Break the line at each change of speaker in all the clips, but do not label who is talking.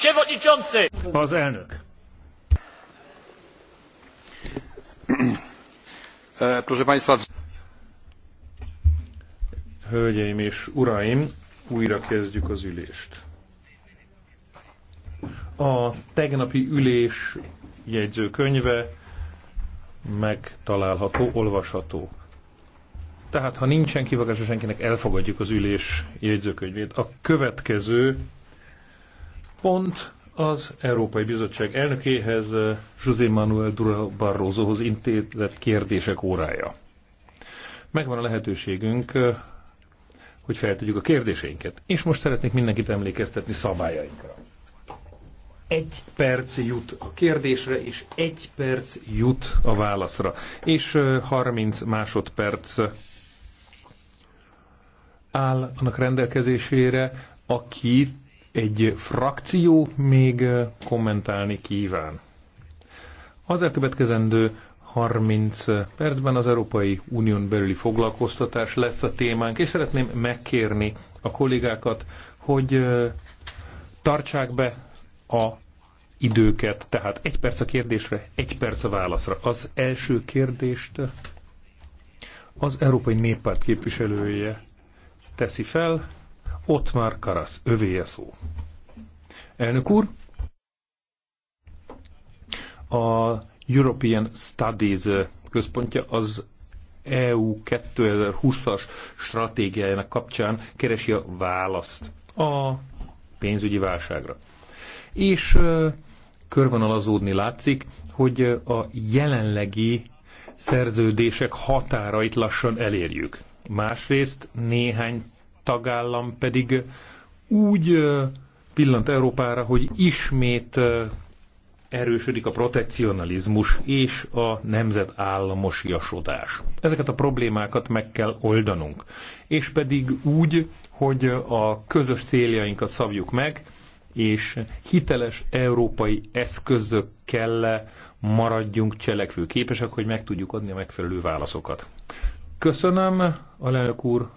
Przewodniczący! Az elnök.
E, proszę Państwa. Hölgyeim és uraim, újra kezdjük az ülést. A tegnapi ülés jegyzőkönyve megtalálható, olvasható. Tehát, ha nincsen kivagása senkinek, elfogadjuk az ülés jegyzőkönyvét. A következő pont az Európai Bizottság elnökéhez, eh, José Manuel Dura Barrosohoz intézett kérdések órája. Megvan a lehetőségünk, eh, hogy feltegyük a kérdéseinket. És most szeretnék mindenkit emlékeztetni szabályainkra. Egy perc jut a kérdésre, és egy perc jut a válaszra. És 30 eh, másodperc áll annak rendelkezésére, akit egy frakció még kommentálni kíván. Az elkövetkezendő 30 percben az Európai Unión belüli foglalkoztatás lesz a témánk, és szeretném megkérni a kollégákat, hogy tartsák be a időket, tehát egy perc a kérdésre, egy perc a válaszra. Az első kérdést az Európai Néppárt képviselője teszi fel, ott már Karasz, övéje szó. Elnök úr, a European Studies központja az EU 2020-as stratégiájának kapcsán keresi a választ a pénzügyi válságra. És körvonalazódni látszik, hogy a jelenlegi szerződések határait lassan elérjük. Másrészt néhány tagállam pedig úgy pillant Európára, hogy ismét erősödik a protekcionalizmus és a nemzetállamosiasodás. Ezeket a problémákat meg kell oldanunk, és pedig úgy, hogy a közös céljainkat szabjuk meg, és hiteles európai eszközökkel maradjunk cselekvőképesek, hogy meg tudjuk adni a megfelelő válaszokat. Köszönöm, alelnök úr,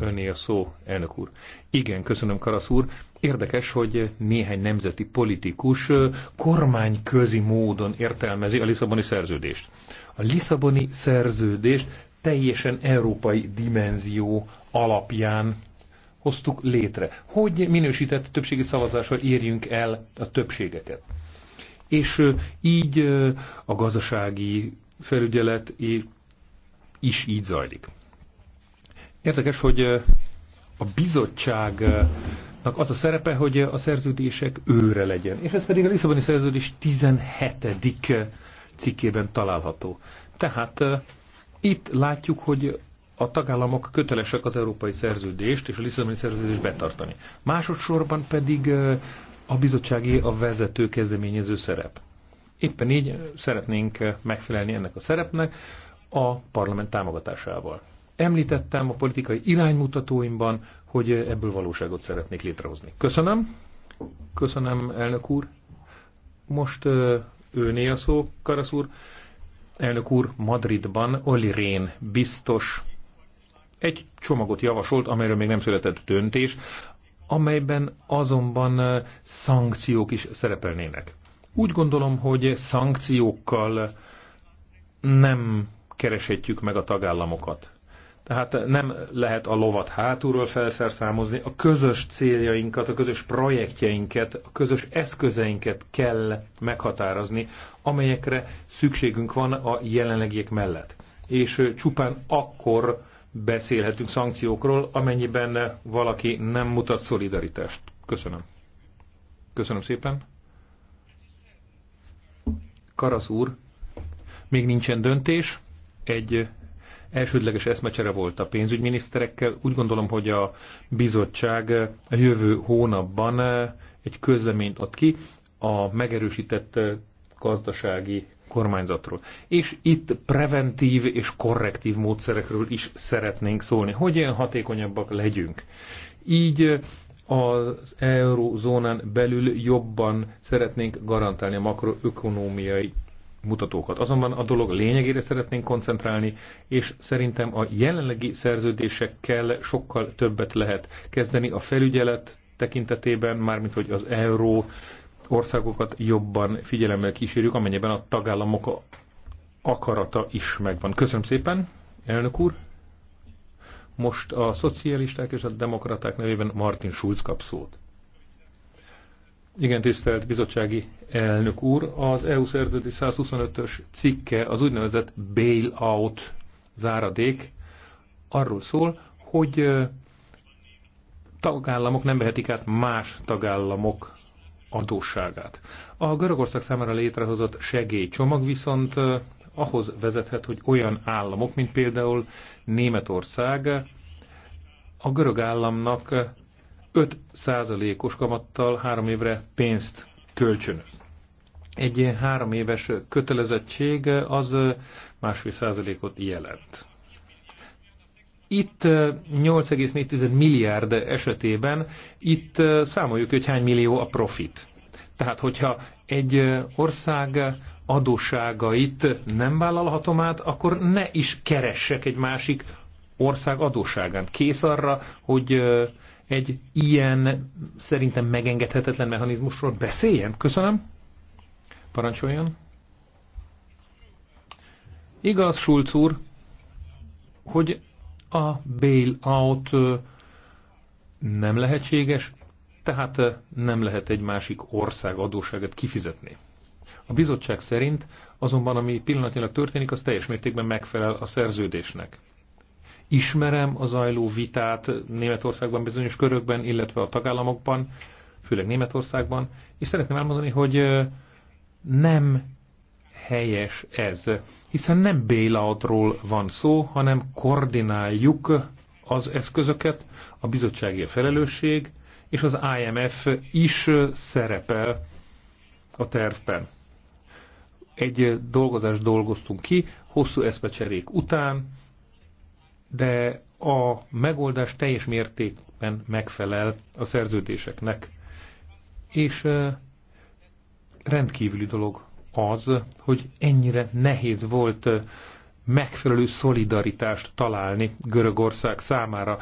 Öné a szó, elnök úr. Igen, köszönöm, Karasz úr. Érdekes, hogy néhány nemzeti politikus kormányközi módon értelmezi a Lisszaboni szerződést. A Lisszaboni szerződést teljesen európai dimenzió alapján hoztuk létre. Hogy minősített többségi szavazással érjünk el a többségeket. És így a gazdasági felügyelet is így zajlik. Érdekes, hogy a bizottságnak az a szerepe, hogy a szerződések őre legyen. És ez pedig a Lisszaboni szerződés 17. cikkében található. Tehát itt látjuk, hogy a tagállamok kötelesek az európai szerződést és a Lisszaboni szerződést betartani. Másodszorban pedig a bizottsági a vezető kezdeményező szerep. Éppen így szeretnénk megfelelni ennek a szerepnek a parlament támogatásával. Említettem a politikai iránymutatóimban, hogy ebből valóságot szeretnék létrehozni. Köszönöm. Köszönöm, elnök úr. Most ő a szó, Karasz úr. Elnök úr, Madridban Oli Rén biztos egy csomagot javasolt, amelyről még nem született döntés, amelyben azonban szankciók is szerepelnének. Úgy gondolom, hogy szankciókkal nem kereshetjük meg a tagállamokat. Tehát nem lehet a lovat hátulról felszerszámozni, a közös céljainkat, a közös projektjeinket, a közös eszközeinket kell meghatározni, amelyekre szükségünk van a jelenlegiek mellett. És csupán akkor beszélhetünk szankciókról, amennyiben valaki nem mutat szolidaritást. Köszönöm. Köszönöm szépen. Karasz úr, még nincsen döntés, egy elsődleges eszmecsere volt a pénzügyminiszterekkel. Úgy gondolom, hogy a bizottság a jövő hónapban egy közleményt ad ki a megerősített gazdasági kormányzatról. És itt preventív és korrektív módszerekről is szeretnénk szólni, hogy ilyen hatékonyabbak legyünk. Így az eurozónán belül jobban szeretnénk garantálni a makroökonómiai mutatókat. Azonban a dolog lényegére szeretnénk koncentrálni, és szerintem a jelenlegi szerződésekkel sokkal többet lehet kezdeni a felügyelet tekintetében, mármint hogy az euró országokat jobban figyelemmel kísérjük, amennyiben a tagállamok akarata is megvan. Köszönöm szépen, elnök úr! Most a szocialisták és a demokraták nevében Martin Schulz kap szót. Igen, tisztelt bizottsági elnök úr, az EU szerződi 125-ös cikke az úgynevezett bailout záradék arról szól, hogy tagállamok nem vehetik át más tagállamok adósságát. A Görögország számára létrehozott segélycsomag viszont ahhoz vezethet, hogy olyan államok, mint például Németország, a görög államnak 5 százalékos kamattal három évre pénzt kölcsönöz. Egy három éves kötelezettség az másfél százalékot jelent. Itt 8,4 milliárd esetében itt számoljuk, hogy hány millió a profit. Tehát, hogyha egy ország adósságait nem vállalhatom át, akkor ne is keressek egy másik ország adósságán. Kész arra, hogy egy ilyen szerintem megengedhetetlen mechanizmusról beszéljen? Köszönöm. Parancsoljon. Igaz, Schulz úr, hogy a bailout nem lehetséges, tehát nem lehet egy másik ország adósságát kifizetni. A bizottság szerint azonban, ami pillanatnyilag történik, az teljes mértékben megfelel a szerződésnek. Ismerem a zajló vitát Németországban bizonyos körökben, illetve a tagállamokban, főleg Németországban, és szeretném elmondani, hogy nem helyes ez, hiszen nem bailoutról van szó, hanem koordináljuk az eszközöket, a bizottsági felelősség, és az IMF is szerepel a tervben. Egy dolgozást dolgoztunk ki, hosszú eszmecserék után, de a megoldás teljes mértékben megfelel a szerződéseknek. És rendkívüli dolog az, hogy ennyire nehéz volt megfelelő szolidaritást találni Görögország számára,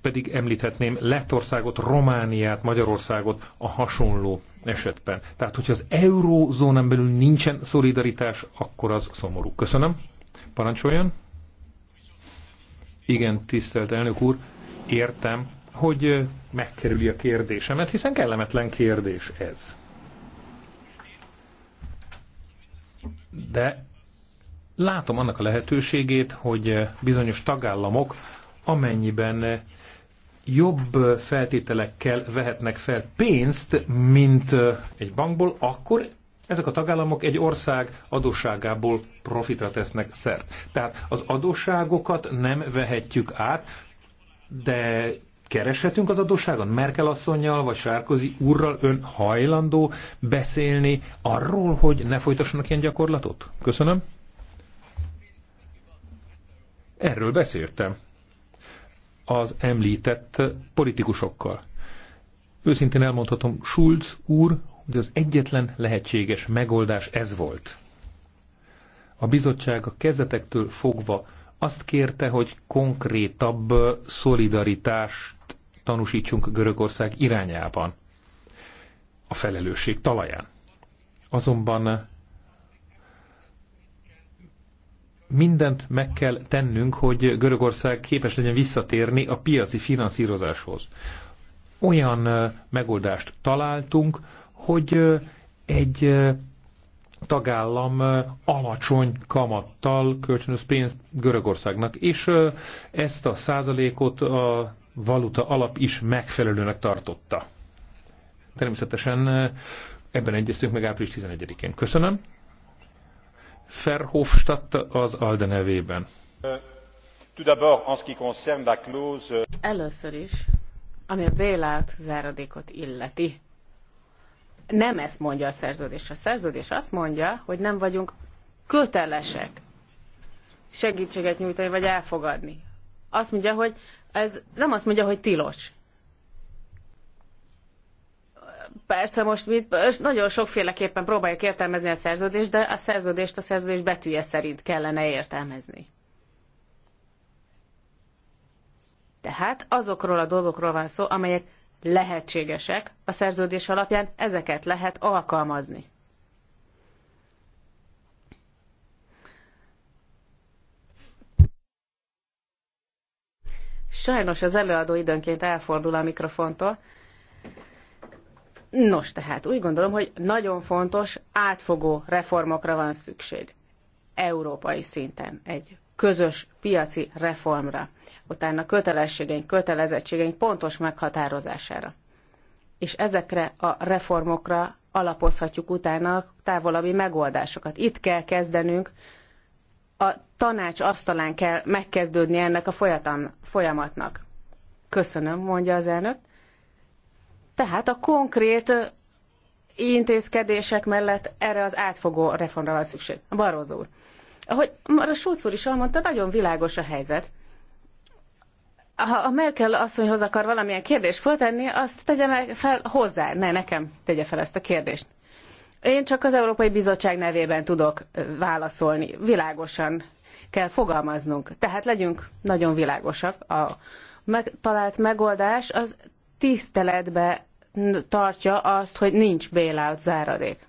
pedig említhetném Lettországot, Romániát, Magyarországot a hasonló esetben. Tehát, hogyha az eurózónán belül nincsen szolidaritás, akkor az szomorú. Köszönöm. Parancsoljon. Igen, tisztelt elnök úr, értem, hogy megkerüli a kérdésemet, hiszen kellemetlen kérdés ez. De látom annak a lehetőségét, hogy bizonyos tagállamok, amennyiben jobb feltételekkel vehetnek fel pénzt, mint egy bankból, akkor ezek a tagállamok egy ország adósságából profitra tesznek szert. Tehát az adósságokat nem vehetjük át, de kereshetünk az adósságon? Merkel asszonynal vagy Sárkozi úrral ön hajlandó beszélni arról, hogy ne folytassanak ilyen gyakorlatot? Köszönöm. Erről beszéltem az említett politikusokkal. Őszintén elmondhatom, Schulz úr de az egyetlen lehetséges megoldás ez volt. A bizottság a kezetektől fogva azt kérte, hogy konkrétabb szolidaritást tanúsítsunk Görögország irányában a felelősség talaján. Azonban mindent meg kell tennünk, hogy Görögország képes legyen visszatérni a piaci finanszírozáshoz. Olyan megoldást találtunk, hogy egy tagállam alacsony kamattal kölcsönöz pénzt Görögországnak, és ezt a százalékot a valuta alap is megfelelőnek tartotta. Természetesen ebben egyeztünk meg április 11-én. Köszönöm. Ferhofstadt az Alde nevében. Euh, euh,
Először is, ami a bélát záradékot illeti nem ezt mondja a szerződés. A szerződés azt mondja, hogy nem vagyunk kötelesek segítséget nyújtani, vagy elfogadni. Azt mondja, hogy ez nem azt mondja, hogy tilos. Persze most mit, nagyon sokféleképpen próbáljuk értelmezni a szerződést, de a szerződést a szerződés betűje szerint kellene értelmezni. Tehát azokról a dolgokról van szó, amelyek lehetségesek, a szerződés alapján ezeket lehet alkalmazni. Sajnos az előadó időnként elfordul a mikrofontól. Nos, tehát úgy gondolom, hogy nagyon fontos, átfogó reformokra van szükség. Európai szinten egy közös piaci reformra, utána kötelességeink, kötelezettségeink pontos meghatározására. És ezekre a reformokra alapozhatjuk utána távolabbi megoldásokat. Itt kell kezdenünk, a tanács asztalán kell megkezdődni ennek a folyatan, folyamatnak. Köszönöm, mondja az elnök. Tehát a konkrét intézkedések mellett erre az átfogó reformra van szükség. Barózó úr. Ahogy már a Schulz úr is elmondta, nagyon világos a helyzet. Ha a Merkel asszonyhoz akar valamilyen kérdést föltenni, azt tegye meg fel hozzá, ne nekem tegye fel ezt a kérdést. Én csak az Európai Bizottság nevében tudok válaszolni. Világosan kell fogalmaznunk. Tehát legyünk nagyon világosak. A megtalált megoldás az tiszteletbe tartja azt, hogy nincs bélált záradék.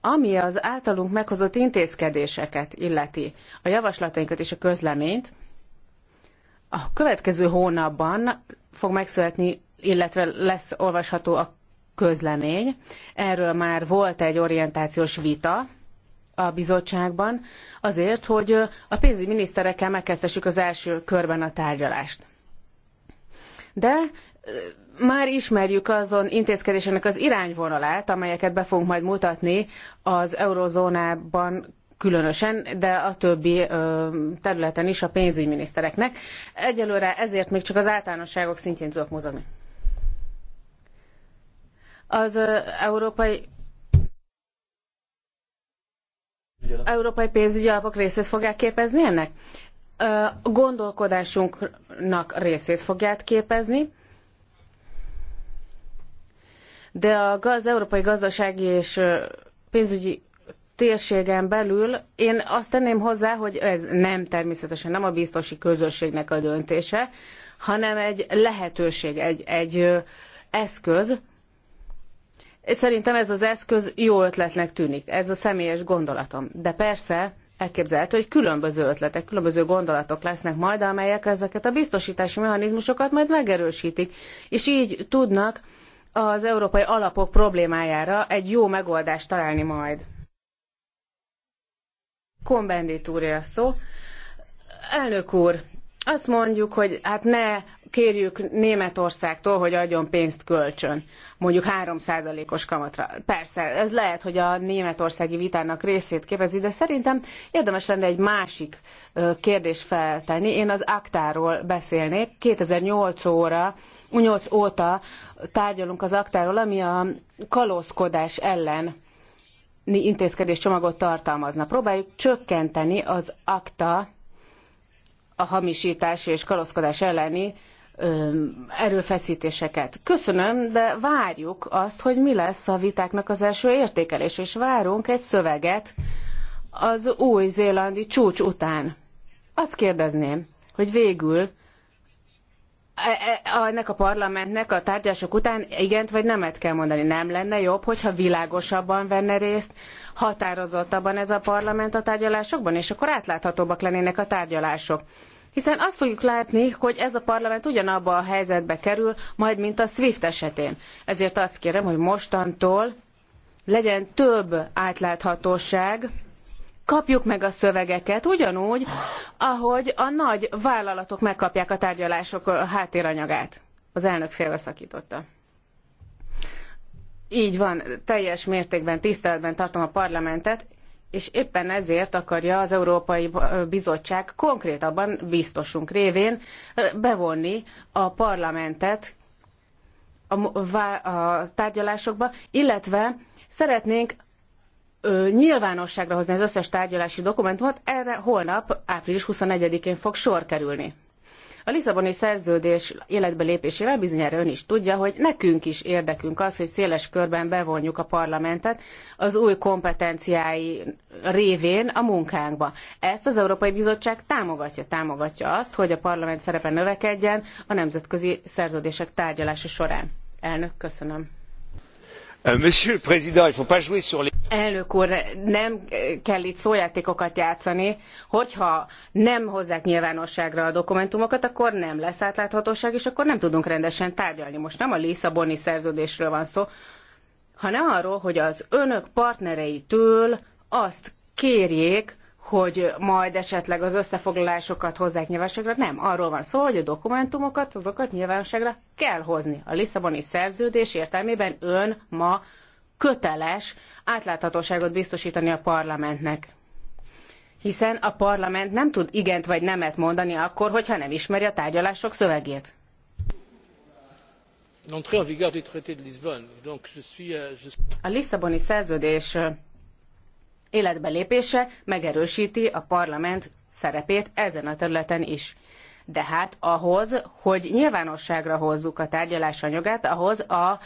Ami az általunk meghozott intézkedéseket illeti, a javaslatainkat és a közleményt, a következő hónapban fog megszületni, illetve lesz olvasható a közlemény. Erről már volt egy orientációs vita a bizottságban, azért, hogy a miniszterekkel megkezdessük az első körben a tárgyalást. De már ismerjük azon intézkedésének az irányvonalát, amelyeket be fogunk majd mutatni az eurozónában különösen, de a többi területen is a pénzügyminisztereknek. Egyelőre ezért még csak az általánosságok szintjén tudok mozogni. Az európai európai pénzügyi alapok részét fogják képezni ennek? gondolkodásunknak részét fogják képezni, de az európai gazdasági és pénzügyi térségen belül én azt tenném hozzá, hogy ez nem természetesen nem a biztosi közösségnek a döntése, hanem egy lehetőség, egy, egy eszköz. Szerintem ez az eszköz jó ötletnek tűnik, ez a személyes gondolatom. De persze elképzelhető, hogy különböző ötletek, különböző gondolatok lesznek majd, amelyek ezeket a biztosítási mechanizmusokat majd megerősítik, és így tudnak az európai alapok problémájára egy jó megoldást találni majd. Kombendit úrja szó. Elnök úr, azt mondjuk, hogy hát ne kérjük Németországtól, hogy adjon pénzt kölcsön, mondjuk 3%-os kamatra. Persze, ez lehet, hogy a németországi vitának részét képezi, de szerintem érdemes lenne egy másik kérdés feltenni. Én az aktáról beszélnék. 2008 óra 2008 óta tárgyalunk az aktáról, ami a kalózkodás ellen intézkedés csomagot tartalmazna. Próbáljuk csökkenteni az akta a hamisítás és kalózkodás elleni erőfeszítéseket. Köszönöm, de várjuk azt, hogy mi lesz a vitáknak az első értékelés, és várunk egy szöveget az új-zélandi csúcs után. Azt kérdezném, hogy végül E, e, ennek a parlamentnek a tárgyalások után igent vagy nemet kell mondani. Nem lenne jobb, hogyha világosabban venne részt, határozottabban ez a parlament a tárgyalásokban, és akkor átláthatóbbak lennének a tárgyalások. Hiszen azt fogjuk látni, hogy ez a parlament ugyanabba a helyzetbe kerül, majd mint a SWIFT esetén. Ezért azt kérem, hogy mostantól legyen több átláthatóság, kapjuk meg a szövegeket, ugyanúgy, ahogy a nagy vállalatok megkapják a tárgyalások háttéranyagát. Az elnök félbeszakította. Így van, teljes mértékben, tiszteletben tartom a parlamentet, és éppen ezért akarja az Európai Bizottság konkrétabban biztosunk révén bevonni a parlamentet a, tárgyalásokba, illetve szeretnénk ö, nyilvánosságra hozni az összes tárgyalási dokumentumot, erre holnap, április 21-én fog sor kerülni. A Lisszaboni szerződés életbe lépésével bizonyára ön is tudja, hogy nekünk is érdekünk az, hogy széles körben bevonjuk a parlamentet az új kompetenciái révén a munkánkba. Ezt az Európai Bizottság támogatja. Támogatja azt, hogy a parlament szerepe növekedjen a nemzetközi szerződések tárgyalása során. Elnök, köszönöm.
Euh,
Elnök úr, nem kell itt szójátékokat játszani. Hogyha nem hozzák nyilvánosságra a dokumentumokat, akkor nem lesz átláthatóság, és akkor nem tudunk rendesen tárgyalni. Most nem a Lisszaboni szerződésről van szó, hanem arról, hogy az önök partnereitől azt kérjék, hogy majd esetleg az összefoglalásokat hozzák nyilvánosságra. Nem, arról van szó, hogy a dokumentumokat, azokat nyilvánosságra kell hozni. A Lisszaboni szerződés értelmében ön ma köteles átláthatóságot biztosítani a parlamentnek. Hiszen a parlament nem tud igent vagy nemet mondani akkor, hogyha nem ismeri a tárgyalások szövegét.
Euh,
a Lisszaboni szerződés életbe lépése megerősíti a parlament szerepét ezen a területen is. De hát ahhoz, hogy nyilvánosságra hozzuk a tárgyalás anyagát, ahhoz a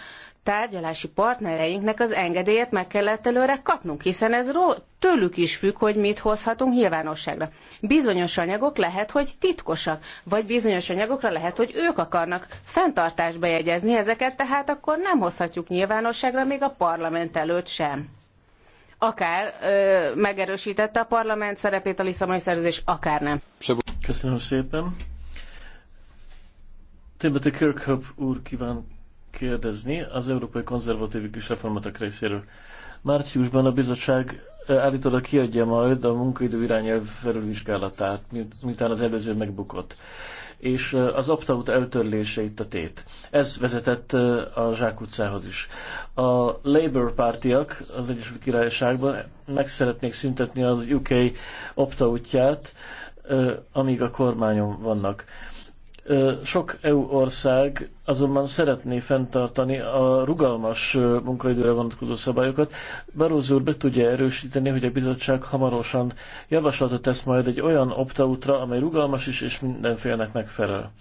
tárgyalási partnereinknek az engedélyet meg kellett előre kapnunk, hiszen ez tőlük is függ, hogy mit hozhatunk nyilvánosságra. Bizonyos anyagok lehet, hogy titkosak, vagy bizonyos anyagokra lehet, hogy ők akarnak fenntartásba jegyezni ezeket, tehát akkor nem hozhatjuk nyilvánosságra még a parlament előtt sem akár ö, megerősítette a parlament szerepét a Lisszaboni szerződés, akár nem.
Köszönöm szépen. Timothy Kirkhope úr kíván kérdezni az Európai Konzervatív és Reformatok részéről. Márciusban a bizottság állítólag kiadja majd a munkaidő irányelv felülvizsgálatát, miután az előző megbukott és az opt-out eltörlése itt a tét. Ez vezetett a Zsák utcához is. A Labour pártiak az Egyesült Királyságban meg szeretnék szüntetni az UK opt-outját, amíg a kormányon vannak. Sok EU ország azonban szeretné fenntartani a rugalmas munkaidőre vonatkozó szabályokat. Barózó úr be tudja erősíteni, hogy a bizottság hamarosan javaslatot tesz majd egy olyan optautra, amely rugalmas is és mindenfélnek megfelel.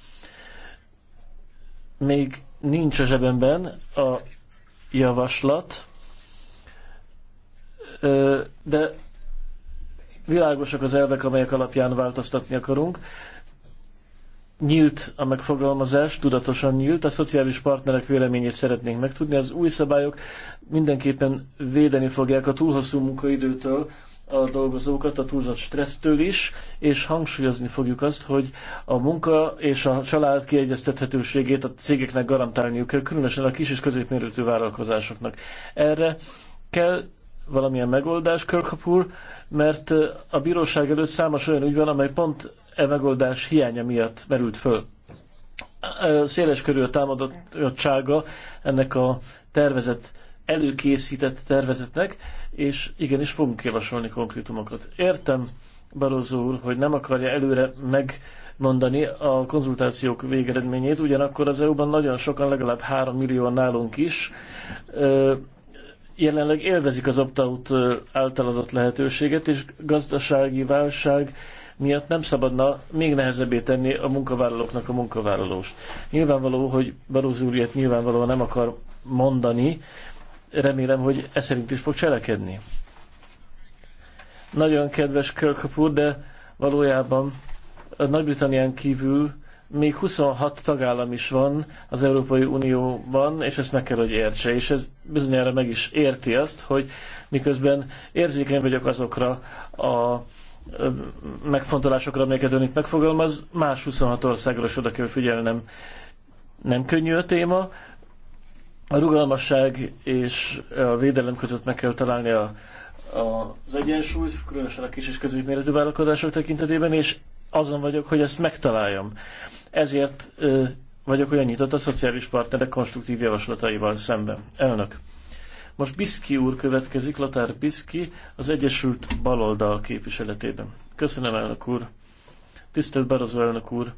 Még nincs a zsebemben a javaslat, de világosak az elvek, amelyek alapján változtatni akarunk nyílt a megfogalmazás, tudatosan nyílt, a szociális partnerek véleményét szeretnénk megtudni. Az új szabályok mindenképpen védeni fogják a túl hosszú munkaidőtől a dolgozókat, a túlzott stressztől is, és hangsúlyozni fogjuk azt, hogy a munka és a család kiegyeztethetőségét a cégeknek garantálniuk kell, különösen a kis és középméretű vállalkozásoknak. Erre kell valamilyen megoldás, Körkapúr, mert a bíróság előtt számos olyan ügy van, amely pont e megoldás hiánya miatt merült föl. E, széles körül a támadottsága ennek a tervezett, előkészített tervezetnek, és igenis fogunk javasolni konkrétumokat. Értem, Barozó úr, hogy nem akarja előre megmondani a konzultációk végeredményét, ugyanakkor az EU-ban nagyon sokan, legalább 3 millió nálunk is, e, jelenleg élvezik az opt-out e, által adott lehetőséget, és gazdasági válság miatt nem szabadna még nehezebbé tenni a munkavállalóknak a munkavállalóst. Nyilvánvaló, hogy Barózó úr ilyet nyilvánvalóan nem akar mondani, remélem, hogy ez szerint is fog cselekedni. Nagyon kedves Körkapúr, de valójában a Nagy-Britannián kívül még 26 tagállam is van az Európai Unióban, és ezt meg kell, hogy értse. És ez bizonyára meg is érti azt, hogy miközben érzékeny vagyok azokra a megfontolásokra, amelyeket önök megfogalmaz, más 26 országra is oda kell figyelnem. Nem könnyű a téma. A rugalmasság és a védelem között meg kell találni a, a, az egyensúlyt, különösen a kis és középméretű vállalkozások tekintetében, és azon vagyok, hogy ezt megtaláljam. Ezért ö, vagyok olyan nyitott a szociális partnerek konstruktív javaslataival szemben. Elnök. Most Biszki úr következik, Latár Biszki, az Egyesült Baloldal képviseletében. Köszönöm, elnök úr. Tisztelt Barozó elnök úr.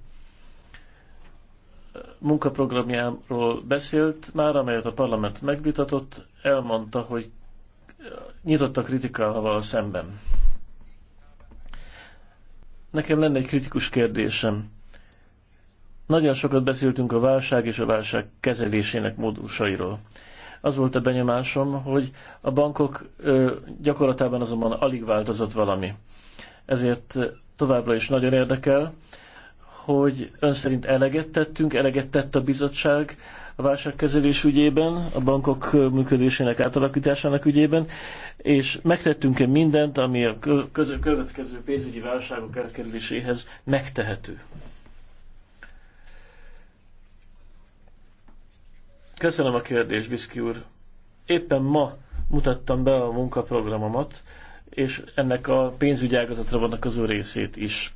Munkaprogramjáról beszélt már, amelyet a parlament megvitatott, elmondta, hogy eh, nyitott a kritikával szemben. Nekem lenne egy kritikus kérdésem. Nagyon sokat beszéltünk a válság és a válság kezelésének módusairól. Az volt a benyomásom, hogy a bankok gyakorlatában azonban alig változott valami. Ezért továbbra is nagyon érdekel, hogy ön szerint eleget tettünk, eleget tett a bizottság a válságkezelés ügyében, a bankok működésének átalakításának ügyében, és megtettünk-e mindent, ami a következő pénzügyi válságok elkerüléséhez megtehető? Köszönöm a kérdést, Biszki úr. Éppen ma mutattam be a munkaprogramomat, és ennek a pénzügyi ágazatra vonatkozó részét is.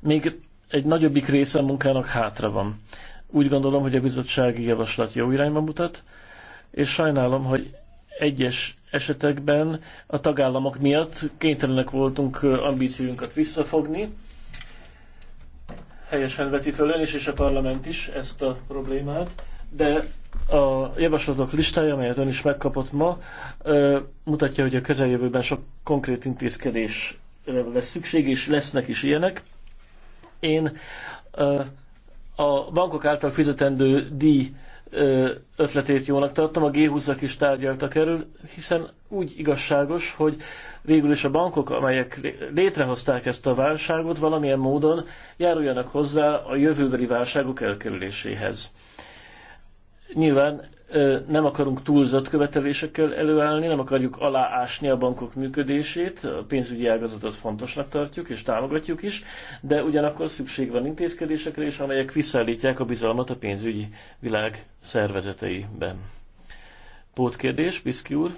Még egy nagyobbik része a munkának hátra van. Úgy gondolom, hogy a bizottsági javaslat jó irányba mutat, és sajnálom, hogy egyes esetekben a tagállamok miatt kénytelenek voltunk ambíciónkat visszafogni. Helyesen veti föl ön is, és a parlament is ezt a problémát de a javaslatok listája, amelyet ön is megkapott ma, mutatja, hogy a közeljövőben sok konkrét intézkedés lesz szükség, és lesznek is ilyenek. Én a bankok által fizetendő díj ötletét jónak tartom, a G20-ak is tárgyaltak erről, hiszen úgy igazságos, hogy végül is a bankok, amelyek létrehozták ezt a válságot, valamilyen módon járuljanak hozzá a jövőbeli válságok elkerüléséhez. Nyilván nem akarunk túlzott követelésekkel előállni, nem akarjuk aláásni a bankok működését, a pénzügyi ágazatot fontosnak tartjuk és támogatjuk is, de ugyanakkor szükség van intézkedésekre is, amelyek visszaállítják a bizalmat a pénzügyi világ szervezeteiben. Pótkérdés, Biszki úr.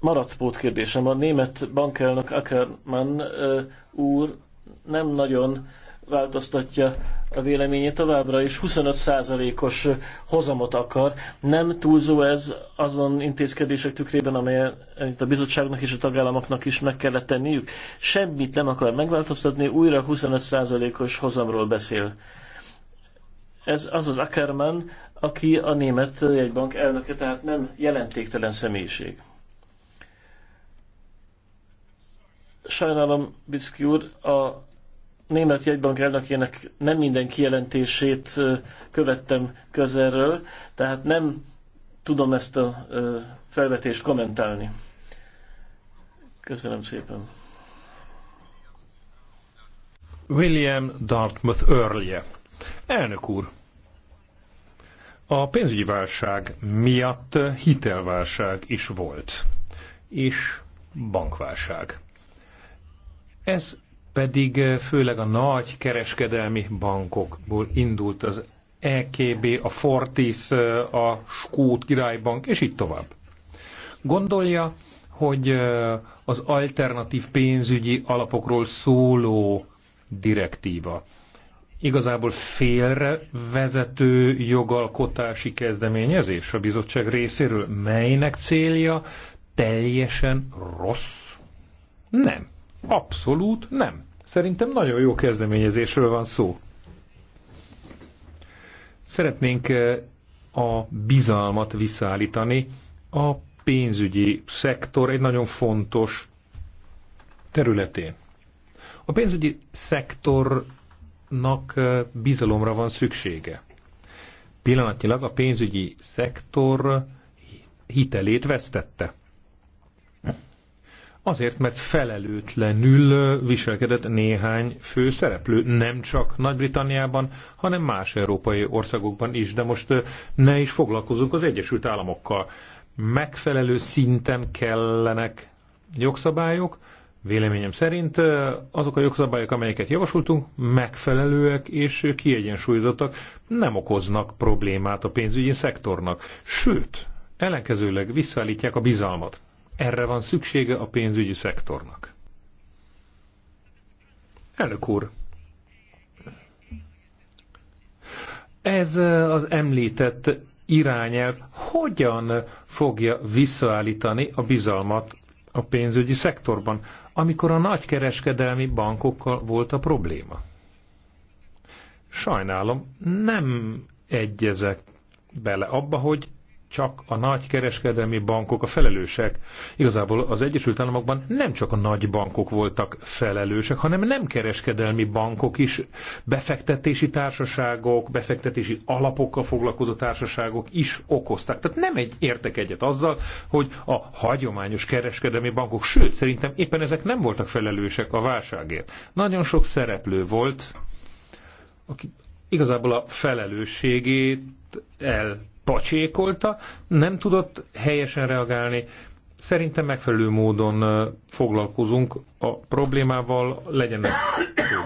Maradt pótkérdésem. A német bankelnök Ackermann úr nem nagyon változtatja a véleményét továbbra is, 25%-os hozamot akar. Nem túlzó ez azon intézkedések tükrében, amelyet a bizottságnak és a tagállamoknak is meg kellett tenniük. Semmit nem akar megváltoztatni, újra 25%-os hozamról beszél. Ez az az Ackermann, aki a német jegybank elnöke, tehát nem jelentéktelen személyiség. Sajnálom, Bicki úr, a német jegybank elnökének nem minden kijelentését követtem közelről, tehát nem tudom ezt a felvetést kommentálni. Köszönöm szépen.
William Dartmouth Earlje. Elnök úr, a pénzügyi válság miatt hitelválság is volt, és bankválság. Ez pedig főleg a nagy kereskedelmi bankokból indult az EKB, a Fortis, a Skót Királybank, és így tovább. Gondolja, hogy az alternatív pénzügyi alapokról szóló direktíva igazából félrevezető jogalkotási kezdeményezés a bizottság részéről, melynek célja teljesen rossz? Nem. Abszolút nem. Szerintem nagyon jó kezdeményezésről van szó. Szeretnénk eh, a bizalmat visszaállítani. A pénzügyi szektor egy nagyon fontos területén. A pénzügyi szektornak eh, bizalomra van szüksége. Pillanatnyilag a pénzügyi szektor hitelét vesztette. Azért, mert felelőtlenül viselkedett néhány fő szereplő, nem csak Nagy-Britanniában, hanem más európai országokban is, de most ne is foglalkozunk az Egyesült Államokkal. Megfelelő szinten kellenek jogszabályok, Véleményem szerint azok a jogszabályok, amelyeket javasoltunk, megfelelőek és kiegyensúlyozottak, nem okoznak problémát a pénzügyi szektornak. Sőt, ellenkezőleg visszaállítják a bizalmat. Erre van szüksége a pénzügyi szektornak. Elnök úr, ez az említett irányelv hogyan fogja visszaállítani a bizalmat a pénzügyi szektorban, amikor a nagykereskedelmi bankokkal volt a probléma? Sajnálom, nem egyezek bele abba, hogy csak a nagy kereskedelmi bankok a felelősek. Igazából az Egyesült Államokban nem csak a nagy bankok voltak felelősek, hanem nem kereskedelmi bankok is, befektetési társaságok, befektetési alapokkal foglalkozó társaságok is okozták. Tehát nem egy értek egyet azzal, hogy a hagyományos kereskedelmi bankok, sőt, szerintem éppen ezek nem voltak felelősek a válságért. Nagyon sok szereplő volt, aki igazából a felelősségét el pacsékolta, nem tudott helyesen reagálni. Szerintem megfelelő módon foglalkozunk a problémával, legyen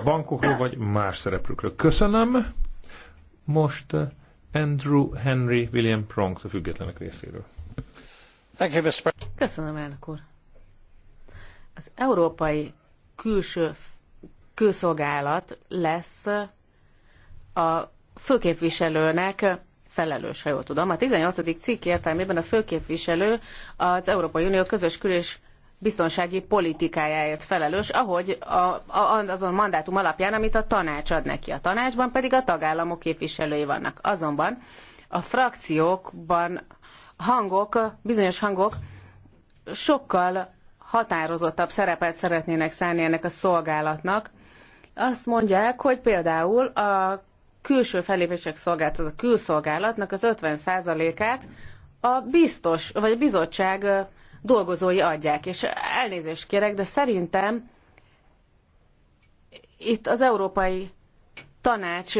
bankokról vagy más szereplőkről. Köszönöm. Most Andrew Henry William Prongs a függetlenek részéről.
Köszönöm, elnök úr. Az európai külső külszolgálat lesz a főképviselőnek felelős, ha jól tudom. A 18. cikk értelmében a főképviselő az Európai Unió közös külés biztonsági politikájáért felelős, ahogy a, a, azon mandátum alapján, amit a tanács ad neki. A tanácsban pedig a tagállamok képviselői vannak. Azonban a frakciókban hangok, bizonyos hangok sokkal határozottabb szerepet szeretnének szállni ennek a szolgálatnak. Azt mondják, hogy például a külső fellépések az a külszolgálatnak az 50%-át a biztos, vagy a bizottság dolgozói adják. És elnézést kérek, de szerintem itt az Európai Tanács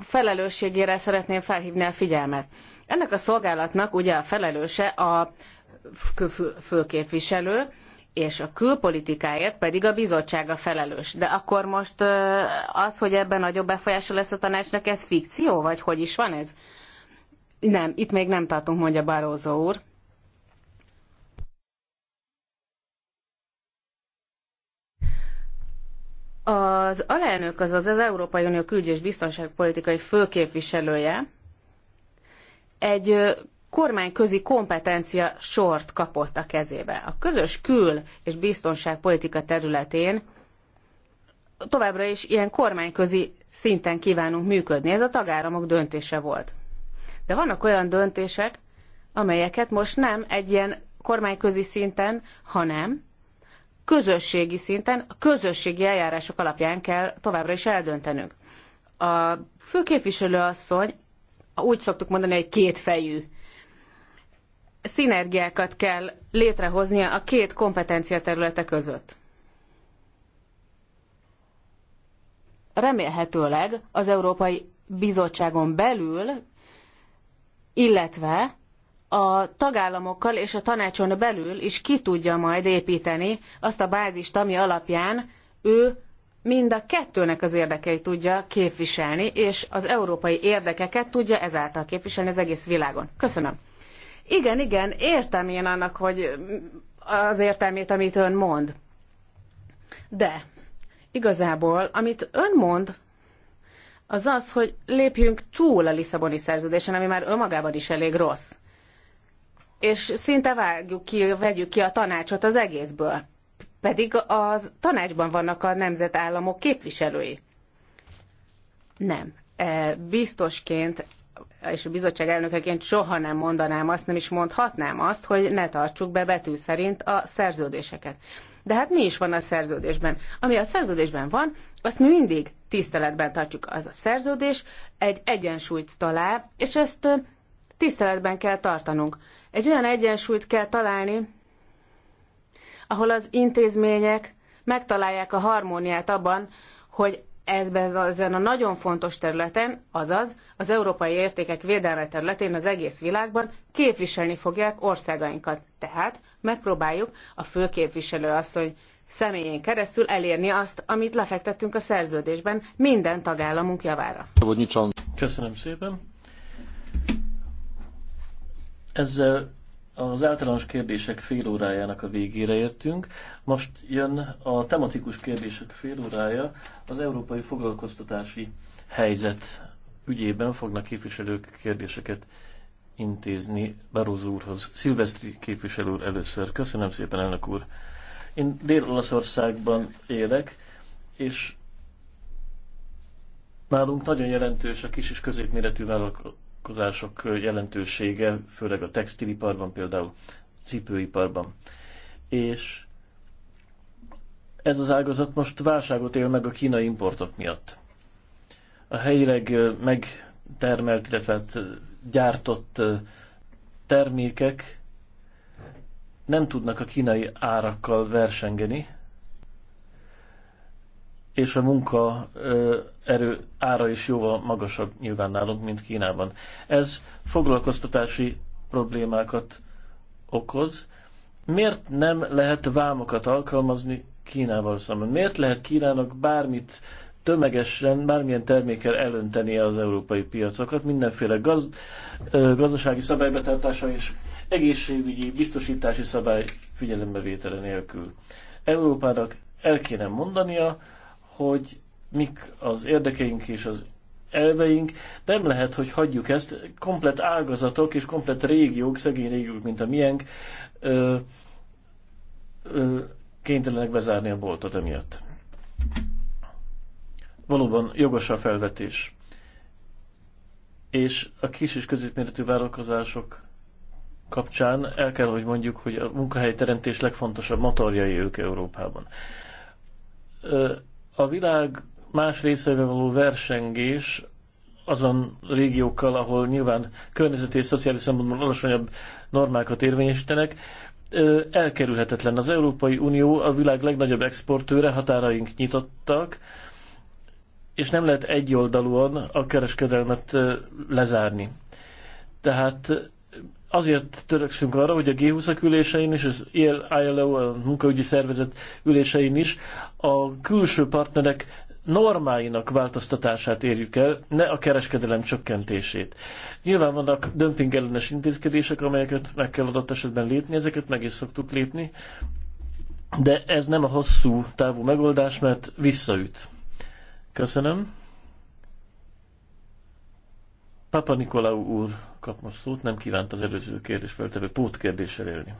felelősségére szeretném felhívni a figyelmet. Ennek a szolgálatnak ugye a felelőse a főképviselő, és a külpolitikáért pedig a bizottság a felelős. De akkor most az, hogy ebben nagyobb befolyása lesz a tanácsnak, ez fikció, vagy hogy is van ez? Nem, itt még nem tartunk, mondja Barózó úr. Az alelnök, azaz az Európai Unió külügyi és biztonságpolitikai főképviselője egy kormányközi kompetencia sort kapott a kezébe. A közös kül- és biztonságpolitika területén továbbra is ilyen kormányközi szinten kívánunk működni. Ez a tagállamok döntése volt. De vannak olyan döntések, amelyeket most nem egy ilyen kormányközi szinten, hanem közösségi szinten, a közösségi eljárások alapján kell továbbra is eldöntenünk. A főképviselő asszony, úgy szoktuk mondani, hogy kétfejű szinergiákat kell létrehoznia a két kompetencia területe között. Remélhetőleg az Európai Bizottságon belül, illetve a tagállamokkal és a tanácson belül is ki tudja majd építeni azt a bázist, ami alapján ő mind a kettőnek az érdekeit tudja képviselni, és az európai érdekeket tudja ezáltal képviselni az egész világon. Köszönöm. Igen, igen, értem én annak, hogy az értelmét, amit ön mond. De igazából, amit ön mond, az az, hogy lépjünk túl a Lisszaboni szerződésen, ami már önmagában is elég rossz. És szinte vágjuk ki, vegyük ki a tanácsot az egészből. Pedig a tanácsban vannak a nemzetállamok képviselői. Nem. E, biztosként és a bizottság elnökeként soha nem mondanám azt, nem is mondhatnám azt, hogy ne tartsuk be betű szerint a szerződéseket. De hát mi is van a szerződésben? Ami a szerződésben van, azt mi mindig tiszteletben tartjuk. Az a szerződés egy egyensúlyt talál, és ezt tiszteletben kell tartanunk. Egy olyan egyensúlyt kell találni, ahol az intézmények megtalálják a harmóniát abban, hogy ebben ezen a nagyon fontos területen, azaz az európai értékek védelme területén az egész világban képviselni fogják országainkat. Tehát megpróbáljuk a főképviselő asszony személyén keresztül elérni azt, amit lefektettünk a szerződésben minden tagállamunk javára.
Köszönöm szépen. Ezzel az általános kérdések fél órájának a végére értünk. Most jön a tematikus kérdések fél órája. Az európai foglalkoztatási helyzet ügyében fognak képviselők kérdéseket intézni Barózó úrhoz. Szilvesztri képviselő úr először. Köszönöm szépen, elnök úr. Én Dél-Olaszországban élek, és nálunk nagyon jelentős a kis és középméretű vállalkozások jelentősége, főleg a textiliparban, például cipőiparban. És ez az ágazat most válságot él meg a kínai importok miatt. A helyileg megtermelt, illetve hát, gyártott termékek nem tudnak a kínai árakkal versengeni, és a munka erő ára is jóval magasabb nyilván nálunk, mint Kínában. Ez foglalkoztatási problémákat okoz. Miért nem lehet vámokat alkalmazni Kínával szemben? Miért lehet Kínának bármit tömegesen, bármilyen termékkel elöntenie az európai piacokat, mindenféle gaz, gazdasági szabálybetartása és egészségügyi, biztosítási szabály figyelembevétele nélkül. Európának el kéne mondania, hogy mik az érdekeink és az elveink. Nem lehet, hogy hagyjuk ezt. komplett ágazatok és komplet régiók, szegény régiók, mint a miénk, ö, ö, kénytelenek bezárni a boltot emiatt. Valóban jogos a felvetés. És a kis és középméretű vállalkozások kapcsán el kell, hogy mondjuk, hogy a munkahelyteremtés legfontosabb motorjai ők Európában. Ö, a világ más részeivel való versengés azon régiókkal, ahol nyilván környezeti és szociális szempontból alacsonyabb normákat érvényesítenek, elkerülhetetlen. Az Európai Unió a világ legnagyobb exportőre, határaink nyitottak, és nem lehet egyoldalúan a kereskedelmet lezárni. Tehát azért törekszünk arra, hogy a G20-ak ülésein is, az ILO, a munkaügyi szervezet ülésein is a külső partnerek normáinak változtatását érjük el, ne a kereskedelem csökkentését. Nyilván vannak dömpingellenes intézkedések, amelyeket meg kell adott esetben lépni, ezeket meg is szoktuk lépni, de ez nem a hosszú távú megoldás, mert visszaüt. Köszönöm. Papa Nikolau úr kap most szót, nem kívánt az előző kérdés feltevő kérdéssel élni.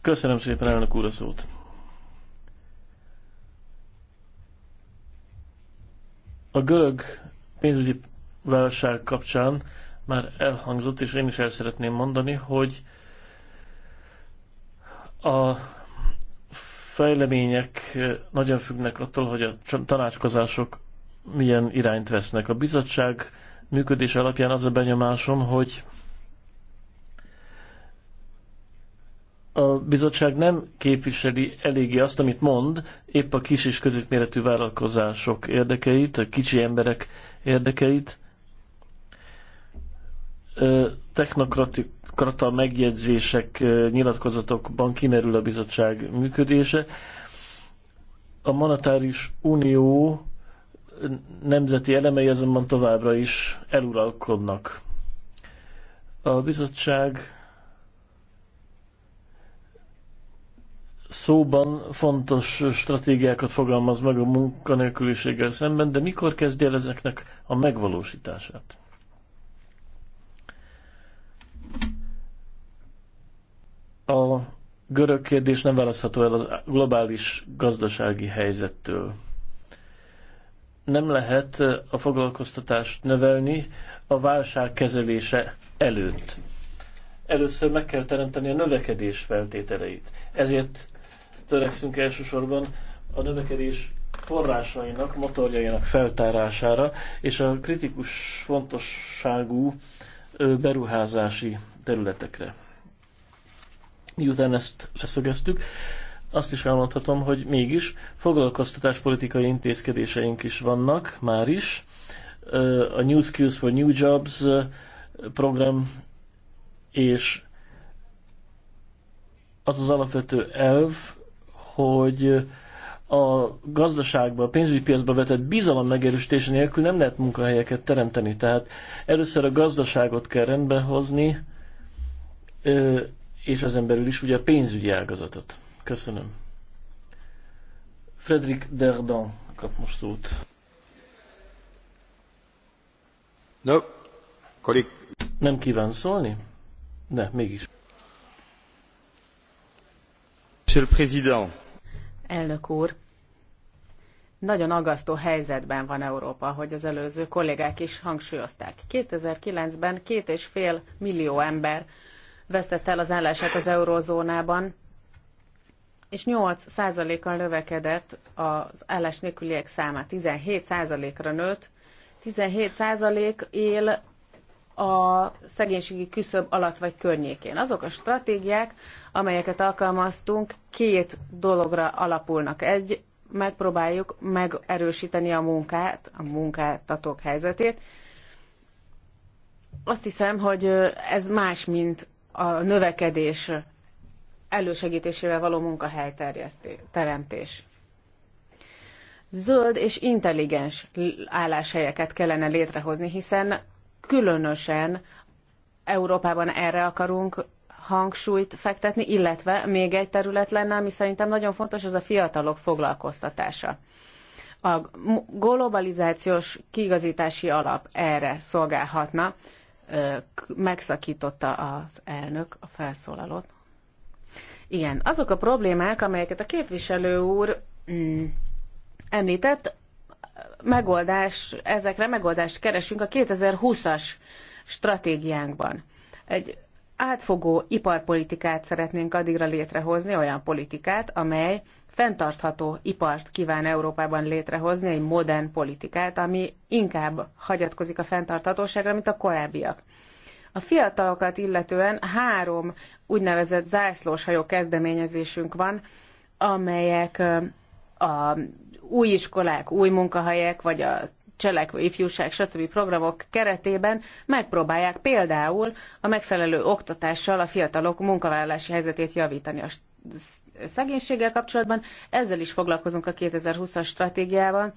Köszönöm szépen, elnök úr, a szót. A görög pénzügyi válság kapcsán már elhangzott, és én is el szeretném mondani, hogy a fejlemények nagyon függnek attól, hogy a tanácskozások milyen irányt vesznek. A bizottság működés alapján az a benyomásom, hogy a bizottság nem képviseli eléggé azt, amit mond, épp a kis és középméretű vállalkozások érdekeit, a kicsi emberek érdekeit. Technokrata megjegyzések, nyilatkozatokban kimerül a bizottság működése. A monetáris unió nemzeti elemei azonban továbbra is eluralkodnak. A bizottság szóban fontos stratégiákat fogalmaz meg a munkanélküliséggel szemben, de mikor kezdje el ezeknek a megvalósítását? A görög kérdés nem választható el a globális gazdasági helyzettől nem lehet a foglalkoztatást növelni a válság kezelése előtt. Először meg kell teremteni a növekedés feltételeit. Ezért törekszünk elsősorban a növekedés forrásainak, motorjainak feltárására és a kritikus fontosságú beruházási területekre. Miután ezt leszögeztük, azt is elmondhatom, hogy mégis foglalkoztatáspolitikai intézkedéseink is vannak, már is. A New Skills for New Jobs program és az az alapvető elv, hogy a gazdaságba, a pénzügyi piacba vetett bizalom megerősítése nélkül nem lehet munkahelyeket teremteni. Tehát először a gazdaságot kell rendbehozni, és ezen belül is ugye a pénzügyi ágazatot. Köszönöm. Frederic Derdan kap most szót. No. Kolik... Nem kíván szólni? De, mégis. Monsieur le Président.
Elnök úr, nagyon aggasztó helyzetben van Európa, hogy az előző kollégák is hangsúlyozták. 2009-ben két és fél millió ember vesztett el az állását az eurozónában, és 8 százalékkal növekedett az állás nélküliek száma, 17 százalékra nőtt, 17% százalék él a szegénységi küszöb alatt vagy környékén. Azok a stratégiák, amelyeket alkalmaztunk, két dologra alapulnak. Egy, megpróbáljuk megerősíteni a munkát, a munkáltatók helyzetét. Azt hiszem, hogy ez más, mint a növekedés elősegítésével való munkahely teremtés. Zöld és intelligens álláshelyeket kellene létrehozni, hiszen különösen Európában erre akarunk hangsúlyt fektetni, illetve még egy terület lenne, ami szerintem nagyon fontos, az a fiatalok foglalkoztatása. A globalizációs kigazítási alap erre szolgálhatna. Megszakította az elnök a felszólalót. Igen, azok a problémák, amelyeket a képviselő úr mm, említett, megoldás, ezekre megoldást keresünk a 2020-as stratégiánkban. Egy átfogó iparpolitikát szeretnénk addigra létrehozni, olyan politikát, amely fenntartható ipart kíván Európában létrehozni, egy modern politikát, ami inkább hagyatkozik a fenntarthatóságra, mint a korábbiak. A fiatalokat illetően három úgynevezett zászlós hajó kezdeményezésünk van, amelyek a új iskolák, új munkahelyek, vagy a cselekvő ifjúság, stb. programok keretében megpróbálják például a megfelelő oktatással a fiatalok munkavállalási helyzetét javítani a szegénységgel kapcsolatban. Ezzel is foglalkozunk a 2020-as stratégiában,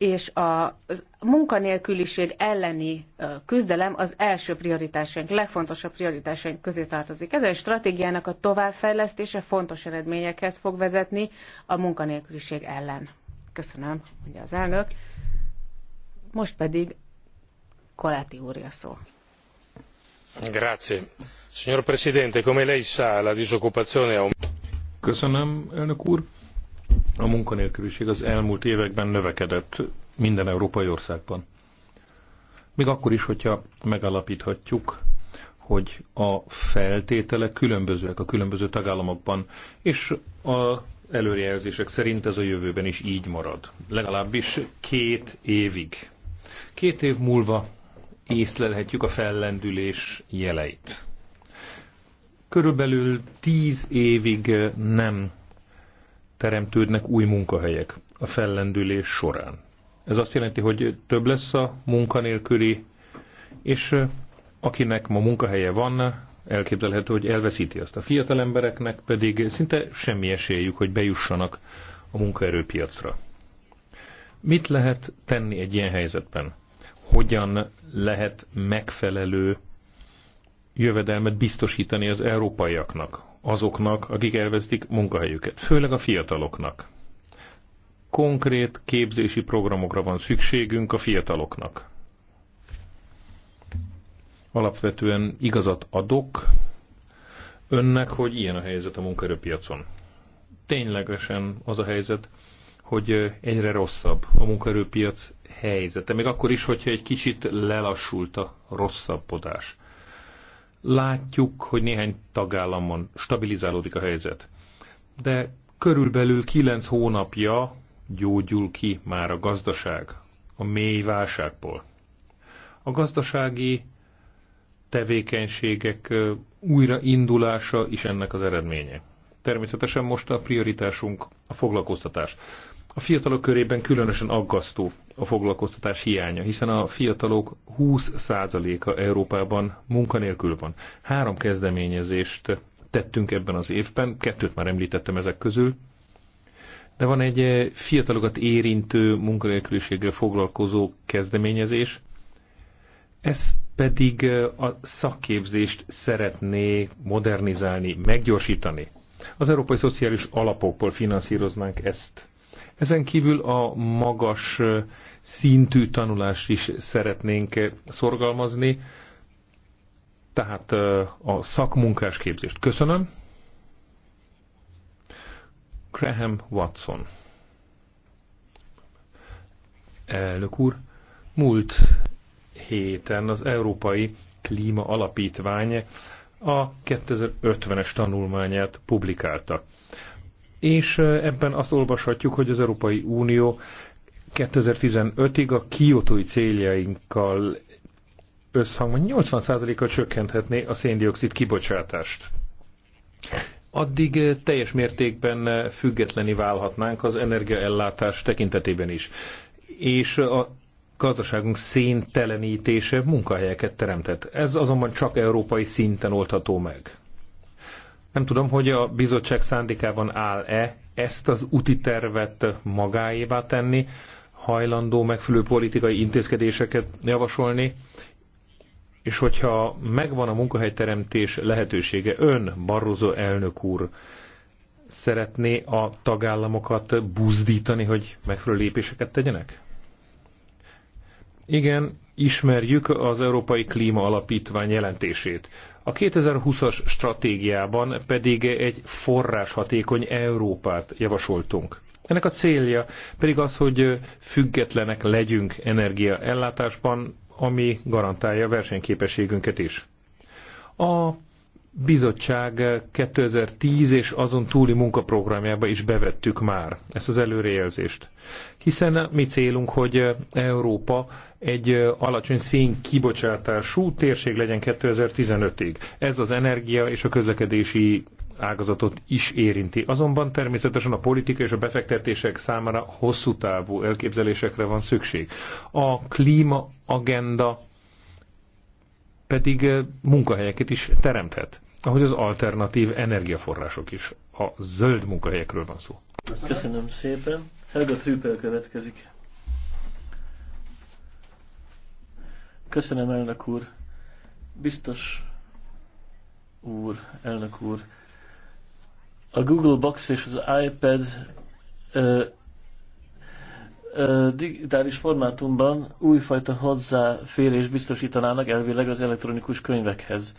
és a munkanélküliség elleni küzdelem az első prioritásaink, legfontosabb prioritásaink közé tartozik. Ezen stratégiának a továbbfejlesztése fontos eredményekhez fog vezetni a munkanélküliség ellen. Köszönöm, mondja az elnök. Most pedig Koláti úrja szó.
Grazie. Signor Presidente, come lei sa, la disoccupazione è un... Köszönöm, elnök úr. A munkanélküliség az elmúlt években növekedett minden európai országban. Még akkor is, hogyha megalapíthatjuk, hogy a feltételek különbözőek a különböző tagállamokban, és a előrejelzések szerint ez a jövőben is így marad. Legalábbis két évig. Két év múlva észlelhetjük a fellendülés jeleit. Körülbelül tíz évig nem teremtődnek új munkahelyek a fellendülés során. Ez azt jelenti, hogy több lesz a munkanélküli, és akinek ma munkahelye van, elképzelhető, hogy elveszíti azt. A fiatal embereknek pedig szinte semmi esélyük, hogy bejussanak a munkaerőpiacra. Mit lehet tenni egy ilyen helyzetben? Hogyan lehet megfelelő jövedelmet biztosítani az európaiaknak, azoknak, akik elvesztik munkahelyüket, főleg a fiataloknak. Konkrét képzési programokra van szükségünk a fiataloknak. Alapvetően igazat adok önnek, hogy ilyen a helyzet a munkaerőpiacon. Ténylegesen az a helyzet, hogy egyre rosszabb a munkaerőpiac helyzete, még akkor is, hogyha egy kicsit lelassult a rosszabbodás. Látjuk, hogy néhány tagállamon stabilizálódik a helyzet, de körülbelül kilenc hónapja gyógyul ki már a gazdaság a mély válságból. A gazdasági tevékenységek újraindulása is ennek az eredménye. Természetesen most a prioritásunk a foglalkoztatás. A fiatalok körében különösen aggasztó a foglalkoztatás hiánya, hiszen a fiatalok 20%-a Európában munkanélkül van. Három kezdeményezést tettünk ebben az évben, kettőt már említettem ezek közül, de van egy eh, fiatalokat érintő munkanélküliséggel foglalkozó kezdeményezés, ez pedig eh, a szakképzést szeretné modernizálni, meggyorsítani. Az Európai Szociális Alapokból finanszíroznánk ezt ezen kívül a magas szintű tanulást is szeretnénk szorgalmazni, tehát a szakmunkás képzést. Köszönöm. Graham Watson. Elnök úr, múlt héten az Európai Klíma Alapítvány a 2050-es tanulmányát publikálta és ebben azt olvashatjuk, hogy az Európai Unió 2015-ig a kiotói céljainkkal összhangban 80%-kal csökkenthetné a széndiokszid kibocsátást. Addig teljes mértékben függetleni válhatnánk az energiaellátás tekintetében is. És a gazdaságunk széntelenítése munkahelyeket teremtett. Ez azonban csak európai szinten oldható meg. Nem tudom, hogy a bizottság szándékában áll-e ezt az úti tervet magáévá tenni, hajlandó megfelelő politikai intézkedéseket javasolni, és hogyha megvan a munkahelyteremtés lehetősége, ön, Barroso elnök úr, szeretné a tagállamokat buzdítani, hogy megfelelő lépéseket tegyenek? Igen, ismerjük az Európai Klíma Alapítvány jelentését. A 2020-as stratégiában pedig egy forráshatékony Európát javasoltunk. Ennek a célja pedig az, hogy függetlenek legyünk energiaellátásban, ami garantálja versenyképességünket is. A bizottság 2010 és azon túli munkaprogramjába is bevettük már ezt az előrejelzést. Hiszen mi célunk, hogy Európa egy alacsony szín kibocsátású térség legyen 2015-ig. Ez az energia és a közlekedési ágazatot is érinti. Azonban természetesen a politika és a befektetések számára hosszú távú elképzelésekre van szükség. A klímaagenda pedig eh, munkahelyeket is teremthet, ahogy az alternatív energiaforrások is. A zöld munkahelyekről van
szó. Köszönöm szépen. Helga Trüppel következik. Köszönöm, elnök úr. Biztos úr, elnök úr. A Google Box és az iPad eh, digitális formátumban újfajta hozzáférés biztosítanának elvileg az elektronikus könyvekhez.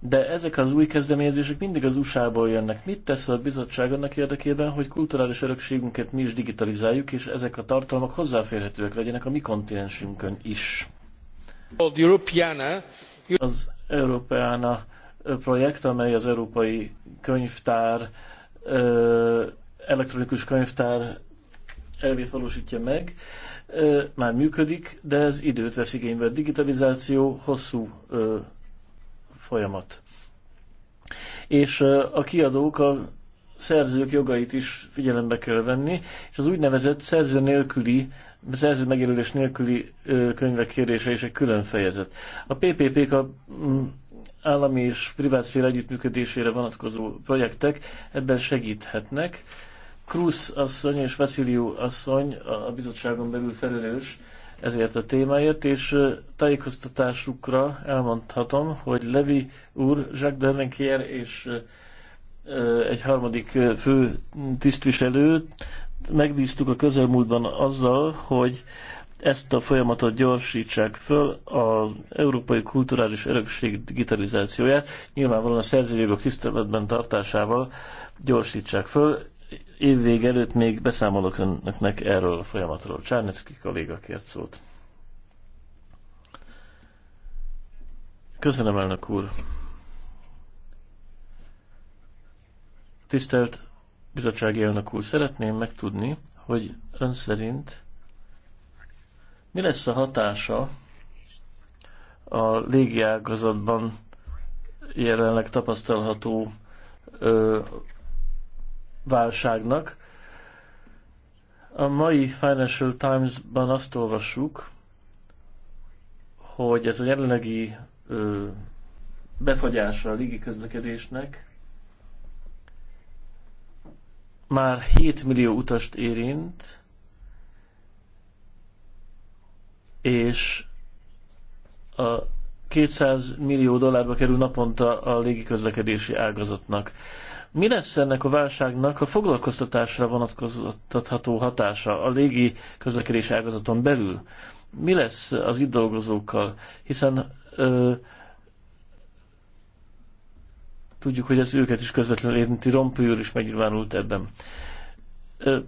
De ezek az új kezdeményezések mindig az USA-ból jönnek. Mit tesz a bizottság annak érdekében, hogy kulturális örökségünket mi is digitalizáljuk, és ezek a tartalmak hozzáférhetőek legyenek a mi kontinensünkön is? Az Európeána projekt, amely az Európai Könyvtár, elektronikus könyvtár elvét valósítja meg, már működik, de ez időt vesz igénybe. A digitalizáció hosszú folyamat. És a kiadók a szerzők jogait is figyelembe kell venni, és az úgynevezett szerző nélküli, szerző megjelölés nélküli könyvek kérése is egy külön fejezet. A PPP-k a mm, állami és privátszféra együttműködésére vonatkozó projektek ebben segíthetnek, Krusz asszony és Vesziliu asszony a bizottságon belül felelős ezért a témáért, és tájékoztatásukra elmondhatom, hogy Levi úr, Jacques Dernekier és egy harmadik fő tisztviselőt megbíztuk a közelmúltban azzal, hogy ezt a folyamatot gyorsítsák föl az európai kulturális örökség digitalizációját, nyilvánvalóan a szerzőjogok tiszteletben tartásával gyorsítsák föl, évvég előtt még beszámolok önöknek erről a folyamatról. Csárnecki kolléga kért szót. Köszönöm, elnök úr. Tisztelt bizottsági elnök úr, szeretném megtudni, hogy ön szerint mi lesz a hatása a légiágazatban jelenleg tapasztalható ö, válságnak. A mai Financial Times-ban azt olvassuk, hogy ez a jelenlegi ö, befagyása a légi közlekedésnek már 7 millió utast érint, és a 200 millió dollárba kerül naponta a légiközlekedési ágazatnak. Mi lesz ennek a válságnak a foglalkoztatásra vonatkoztatható hatása a légi közlekedés ágazaton belül? Mi lesz az itt dolgozókkal? Hiszen ö, tudjuk, hogy ez őket is közvetlenül érinti, Rompőr is megnyilvánult ebben. Ö,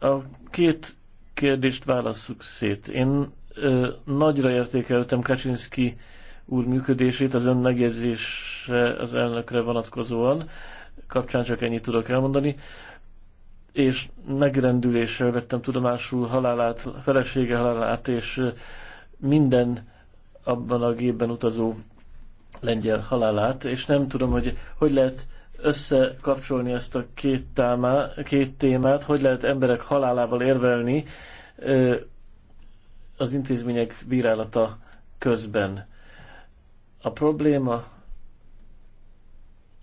a két kérdést válasszuk szét. Én ö, nagyra értékeltem Kaczynski úr működését az ön megjegyzése az elnökre vonatkozóan kapcsán csak ennyit tudok elmondani. És megrendüléssel vettem tudomásul halálát, felesége halálát, és minden abban a gépben utazó lengyel halálát, és nem tudom, hogy hogy lehet összekapcsolni ezt a két, támá, két témát, hogy lehet emberek halálával érvelni az intézmények bírálata közben. A probléma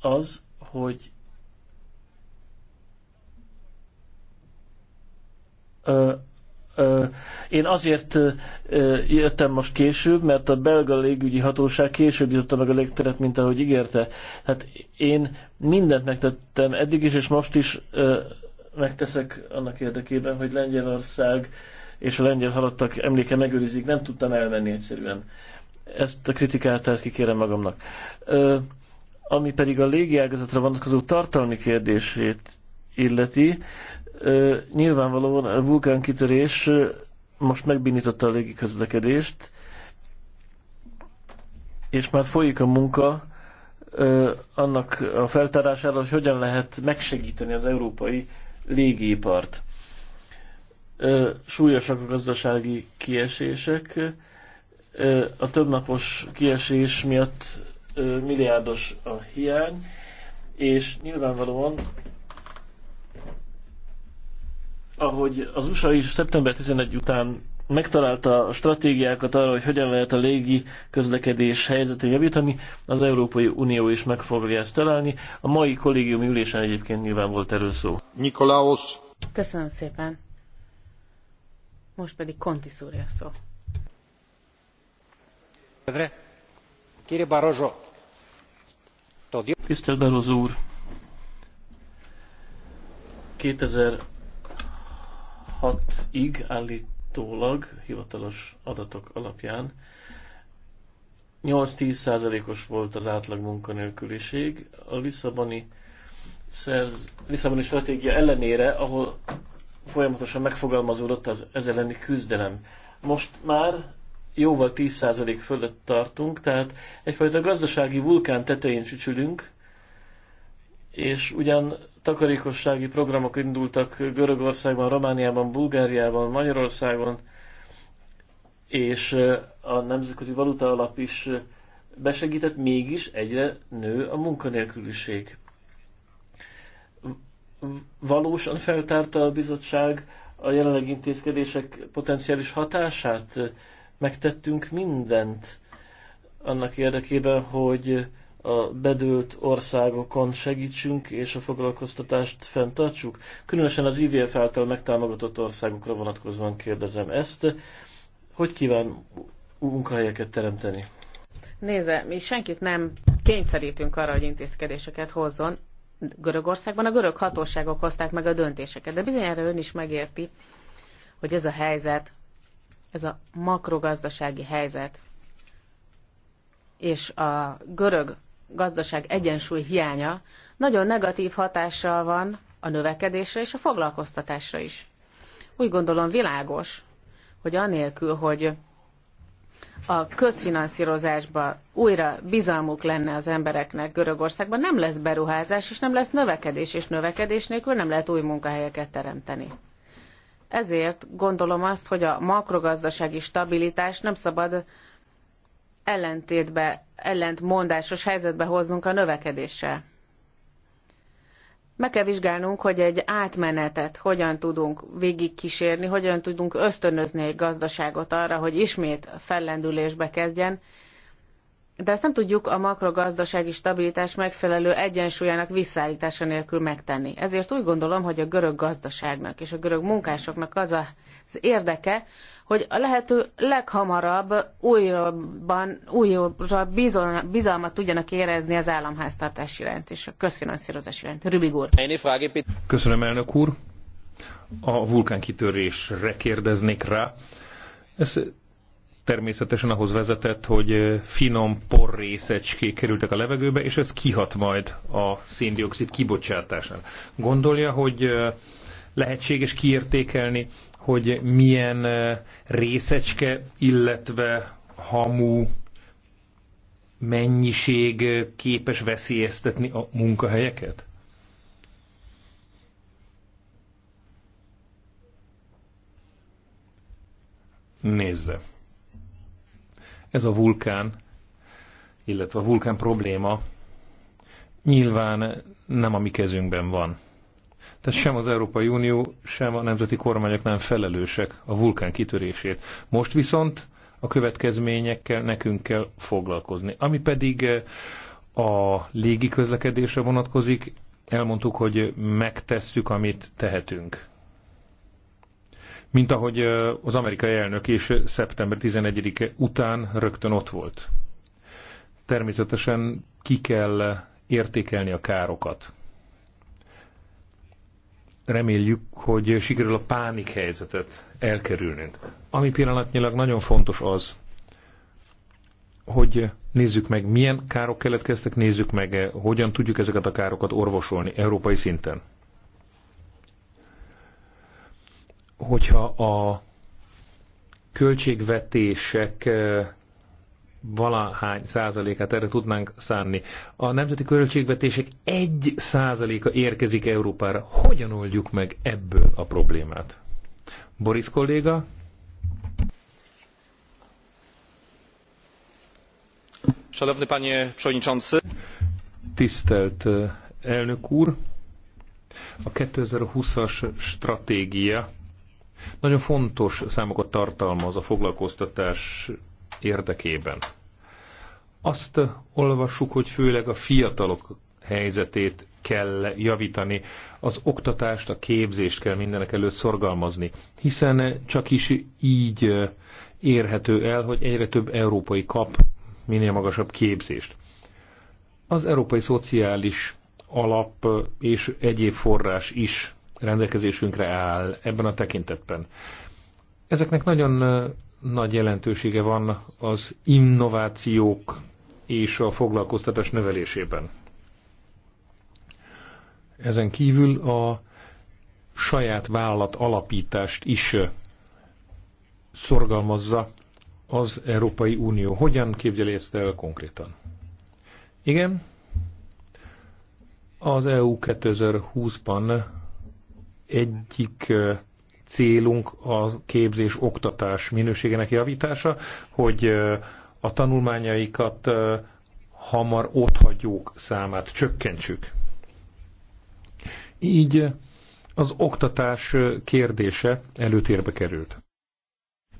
az, hogy ö, ö, én azért ö, jöttem most később, mert a belga légügyi hatóság később jutotta meg a légteret, mint ahogy ígérte. Hát én mindent megtettem eddig is, és most is ö, megteszek annak érdekében, hogy Lengyelország és a lengyel halottak emléke megőrizik, nem tudtam elmenni egyszerűen. Ezt a kritikát tehát kikérem magamnak. Ö, ami pedig a légiágazatra vonatkozó tartalmi kérdését illeti, nyilvánvalóan a vulkánkitörés most megbínította a légiközlekedést, és már folyik a munka annak a feltárására, hogy hogyan lehet megsegíteni az európai légipart. Súlyosak a gazdasági kiesések, a többnapos kiesés miatt milliárdos a hiány, és nyilvánvalóan ahogy az USA is szeptember 11 után megtalálta a stratégiákat arra, hogy hogyan lehet a légi közlekedés helyzetét javítani, az Európai Unió is meg fogja ezt találni. A mai kollégiumi ülésen egyébként nyilván volt erről szó. Nikolaos.
Köszönöm szépen. Most pedig Konti szúrja szó.
Tisztelt Barroso úr! 2006-ig állítólag hivatalos adatok alapján 8-10 százalékos volt az átlag munkanélküliség. A Lisszaboni, szerz, Lisszaboni stratégia ellenére, ahol folyamatosan megfogalmazódott az ez elleni küzdelem. Most már jóval 10% fölött tartunk, tehát egyfajta gazdasági vulkán tetején csücsülünk, és ugyan takarékossági programok indultak Görögországban, Romániában, Bulgáriában, Magyarországon, és a Nemzetközi Valuta Alap is besegített, mégis egyre nő a munkanélküliség. Valósan feltárta a bizottság a jelenlegi intézkedések potenciális hatását, megtettünk mindent annak érdekében, hogy a bedőlt országokon segítsünk, és a foglalkoztatást fenntartsuk? Különösen az IVF által megtámogatott országokra vonatkozóan kérdezem ezt. Hogy kíván munkahelyeket teremteni?
Nézze, mi senkit nem kényszerítünk arra, hogy intézkedéseket hozzon. Görögországban a görög hatóságok hozták meg a döntéseket, de bizonyára ön is megérti, hogy ez a helyzet ez a makrogazdasági helyzet és a görög gazdaság egyensúly hiánya nagyon negatív hatással van a növekedésre és a foglalkoztatásra is. Úgy gondolom világos, hogy anélkül, hogy a közfinanszírozásban újra bizalmuk lenne az embereknek Görögországban, nem lesz beruházás, és nem lesz növekedés, és növekedés nélkül nem lehet új munkahelyeket teremteni. Ezért gondolom azt, hogy a makrogazdasági stabilitás nem szabad ellentétbe, ellentmondásos helyzetbe hoznunk a növekedéssel. Meg kell vizsgálnunk, hogy egy átmenetet hogyan tudunk végigkísérni, hogyan tudunk ösztönözni egy gazdaságot arra, hogy ismét fellendülésbe kezdjen, de ezt nem tudjuk a makrogazdasági stabilitás megfelelő egyensúlyának visszaállítása nélkül megtenni. Ezért úgy gondolom, hogy a görög gazdaságnak és a görög munkásoknak az az érdeke, hogy a lehető leghamarabb újabban, újabb bizalmat tudjanak érezni az államháztartás iránt és a közfinanszírozás iránt. Rübig úr.
Köszönöm, elnök úr. A vulkánkitörésre kérdeznék rá. Ez természetesen ahhoz vezetett, hogy finom porrészecskék kerültek a levegőbe, és ez kihat majd a széndiokszid kibocsátásán. Gondolja, hogy lehetséges kiértékelni, hogy milyen részecske, illetve hamu mennyiség képes veszélyeztetni a munkahelyeket? Nézze ez a vulkán, illetve a vulkán probléma nyilván nem a mi kezünkben van. Tehát sem az Európai Unió, sem a nemzeti kormányok nem felelősek a vulkán kitörését. Most viszont a következményekkel nekünk kell foglalkozni. Ami pedig eh, a légi közlekedésre vonatkozik, elmondtuk, hogy megtesszük, amit tehetünk mint ahogy az amerikai elnök is szeptember 11-e után rögtön ott volt. Természetesen ki kell értékelni a károkat. Reméljük, hogy sikerül a pánik helyzetet elkerülnünk. Ami pillanatnyilag nagyon fontos az, hogy nézzük meg, milyen károk keletkeztek, nézzük meg, hogyan tudjuk ezeket a károkat orvosolni európai szinten. hogyha a költségvetések valahány százalékát erre tudnánk szánni. A nemzeti költségvetések egy százaléka érkezik Európára. Hogyan oldjuk meg ebből a problémát? Boris kolléga? Szanowny panie przewodniczący. Tisztelt elnök úr! A 2020-as stratégia nagyon fontos számokat tartalmaz a foglalkoztatás érdekében. Azt olvassuk, hogy főleg a fiatalok helyzetét kell javítani, az oktatást, a képzést kell mindenek előtt szorgalmazni, hiszen csak is így érhető el, hogy egyre több európai kap minél magasabb képzést. Az európai szociális alap és egyéb forrás is rendelkezésünkre áll ebben a tekintetben. Ezeknek nagyon nagy jelentősége van az innovációk és a foglalkoztatás növelésében. Ezen kívül a saját vállalat alapítást is szorgalmazza az Európai Unió. Hogyan képzeli ezt el konkrétan? Igen, az EU 2020-ban egyik célunk a képzés oktatás minőségének javítása, hogy a tanulmányaikat hamar otthagyók számát csökkentsük. Így az oktatás kérdése előtérbe került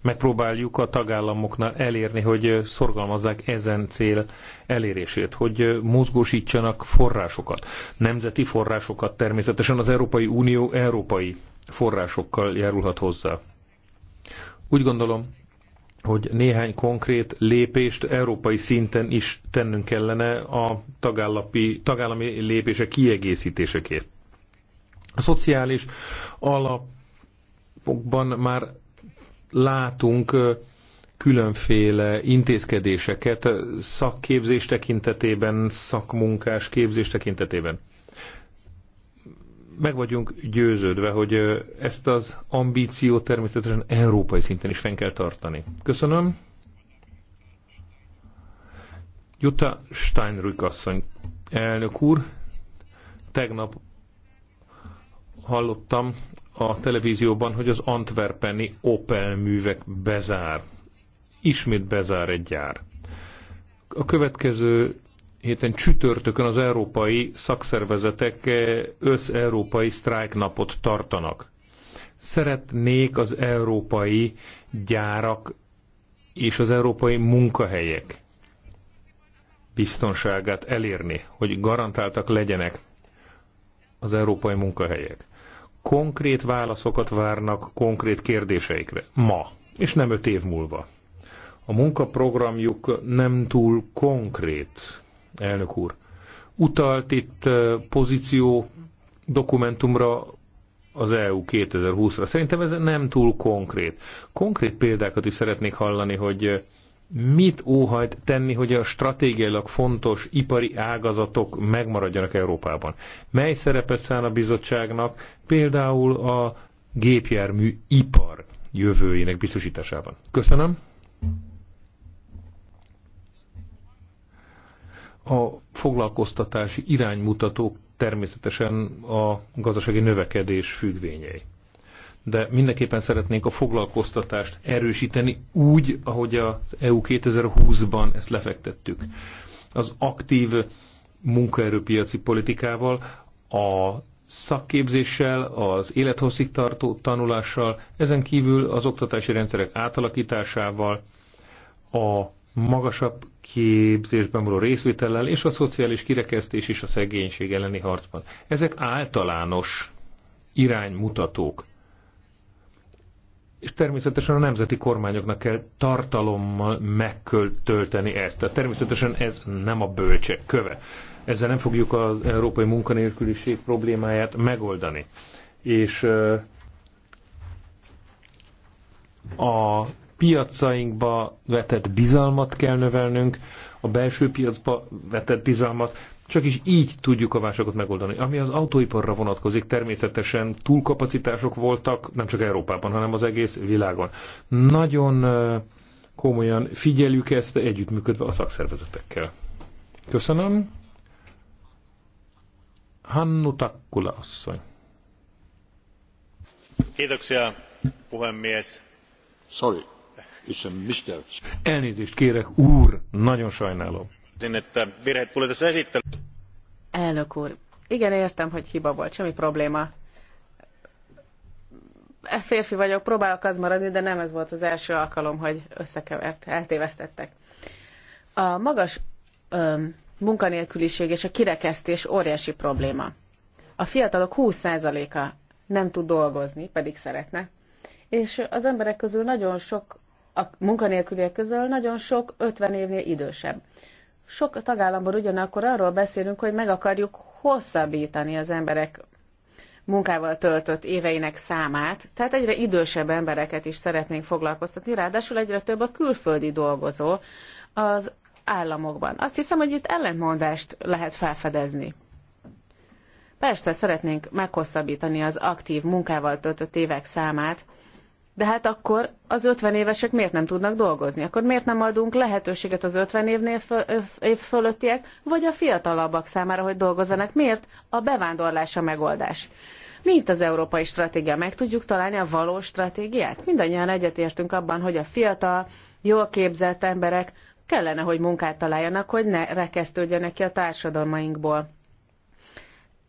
megpróbáljuk a tagállamoknál elérni, hogy szorgalmazzák ezen cél elérését, hogy mozgósítsanak forrásokat, nemzeti forrásokat természetesen az Európai Unió európai forrásokkal járulhat hozzá. Úgy gondolom, hogy néhány konkrét lépést európai szinten is tennünk kellene a tagállami, tagállami lépése kiegészítésekért. A szociális alapokban már látunk különféle intézkedéseket szakképzés tekintetében, szakmunkás képzés tekintetében. Meg vagyunk győződve, hogy ezt az ambíciót természetesen európai szinten is fenn kell tartani. Köszönöm. Jutta Steinrück asszony, elnök úr, tegnap hallottam a televízióban, hogy az antwerpeni Opel művek bezár. Ismét bezár egy gyár. A következő héten csütörtökön az európai szakszervezetek eh, össz-európai sztrájknapot tartanak. Szeretnék az európai gyárak és az európai munkahelyek biztonságát elérni, hogy garantáltak legyenek az európai munkahelyek konkrét válaszokat várnak konkrét kérdéseikre ma, és nem öt év múlva. A munkaprogramjuk nem túl konkrét, elnök úr. Utalt itt eh, pozíció dokumentumra az EU 2020-ra. Szerintem ez nem túl konkrét. Konkrét példákat is szeretnék hallani, hogy eh, mit óhajt tenni, hogy a stratégiailag fontos ipari ágazatok megmaradjanak Európában? Mely szerepet szán a bizottságnak például a gépjármű ipar jövőjének biztosításában? Köszönöm. A foglalkoztatási iránymutatók természetesen a gazdasági növekedés függvényei de mindenképpen szeretnénk a foglalkoztatást erősíteni úgy, ahogy az EU 2020-ban ezt lefektettük. Az aktív munkaerőpiaci politikával, a szakképzéssel, az élethosszígtartó tanulással, ezen kívül az oktatási rendszerek átalakításával, a magasabb képzésben való részvétellel és a szociális kirekesztés és a szegénység elleni harcban. Ezek általános iránymutatók és természetesen a nemzeti kormányoknak kell tartalommal megtölteni ezt. Tehát természetesen ez nem a bölcsek köve. Ezzel nem fogjuk az európai munkanélküliség problémáját megoldani. És a piacainkba vetett bizalmat kell növelnünk, a belső piacba vetett bizalmat, csak is így tudjuk a válságot megoldani. Ami az autóiparra vonatkozik, természetesen túlkapacitások voltak, nem csak Európában, hanem az egész világon. Nagyon komolyan figyeljük ezt, együttműködve a szakszervezetekkel. Köszönöm. Hannu Takkula asszony. Kiitoksia, puhemies. Sorry, it's a mister. Elnézést kérek, úr, nagyon sajnálom.
Elnök úr, igen, értem, hogy hiba volt, semmi probléma. E férfi vagyok, próbálok az maradni, de nem ez volt az első alkalom, hogy összekevert, eltévesztettek. A magas öm, munkanélküliség és a kirekesztés óriási probléma. A fiatalok 20%-a nem tud dolgozni, pedig szeretne. És az emberek közül nagyon sok, a munkanélküliek közül nagyon sok 50 évnél idősebb. Sok tagállamban ugyanakkor arról beszélünk, hogy meg akarjuk hosszabbítani az emberek munkával töltött éveinek számát, tehát egyre idősebb embereket is szeretnénk foglalkoztatni, ráadásul egyre több a külföldi dolgozó az államokban. Azt hiszem, hogy itt ellentmondást lehet felfedezni. Persze szeretnénk meghosszabbítani az aktív munkával töltött évek számát, de hát akkor az 50 évesek miért nem tudnak dolgozni? Akkor miért nem adunk lehetőséget az 50 évnél föl, év fölöttiek, vagy a fiatalabbak számára, hogy dolgozzanak? Miért a bevándorlás a megoldás? Mint az európai stratégia, meg tudjuk találni a valós stratégiát? Mindannyian egyetértünk abban, hogy a fiatal, jól képzett emberek kellene, hogy munkát találjanak, hogy ne rekesztődjenek ki a társadalmainkból.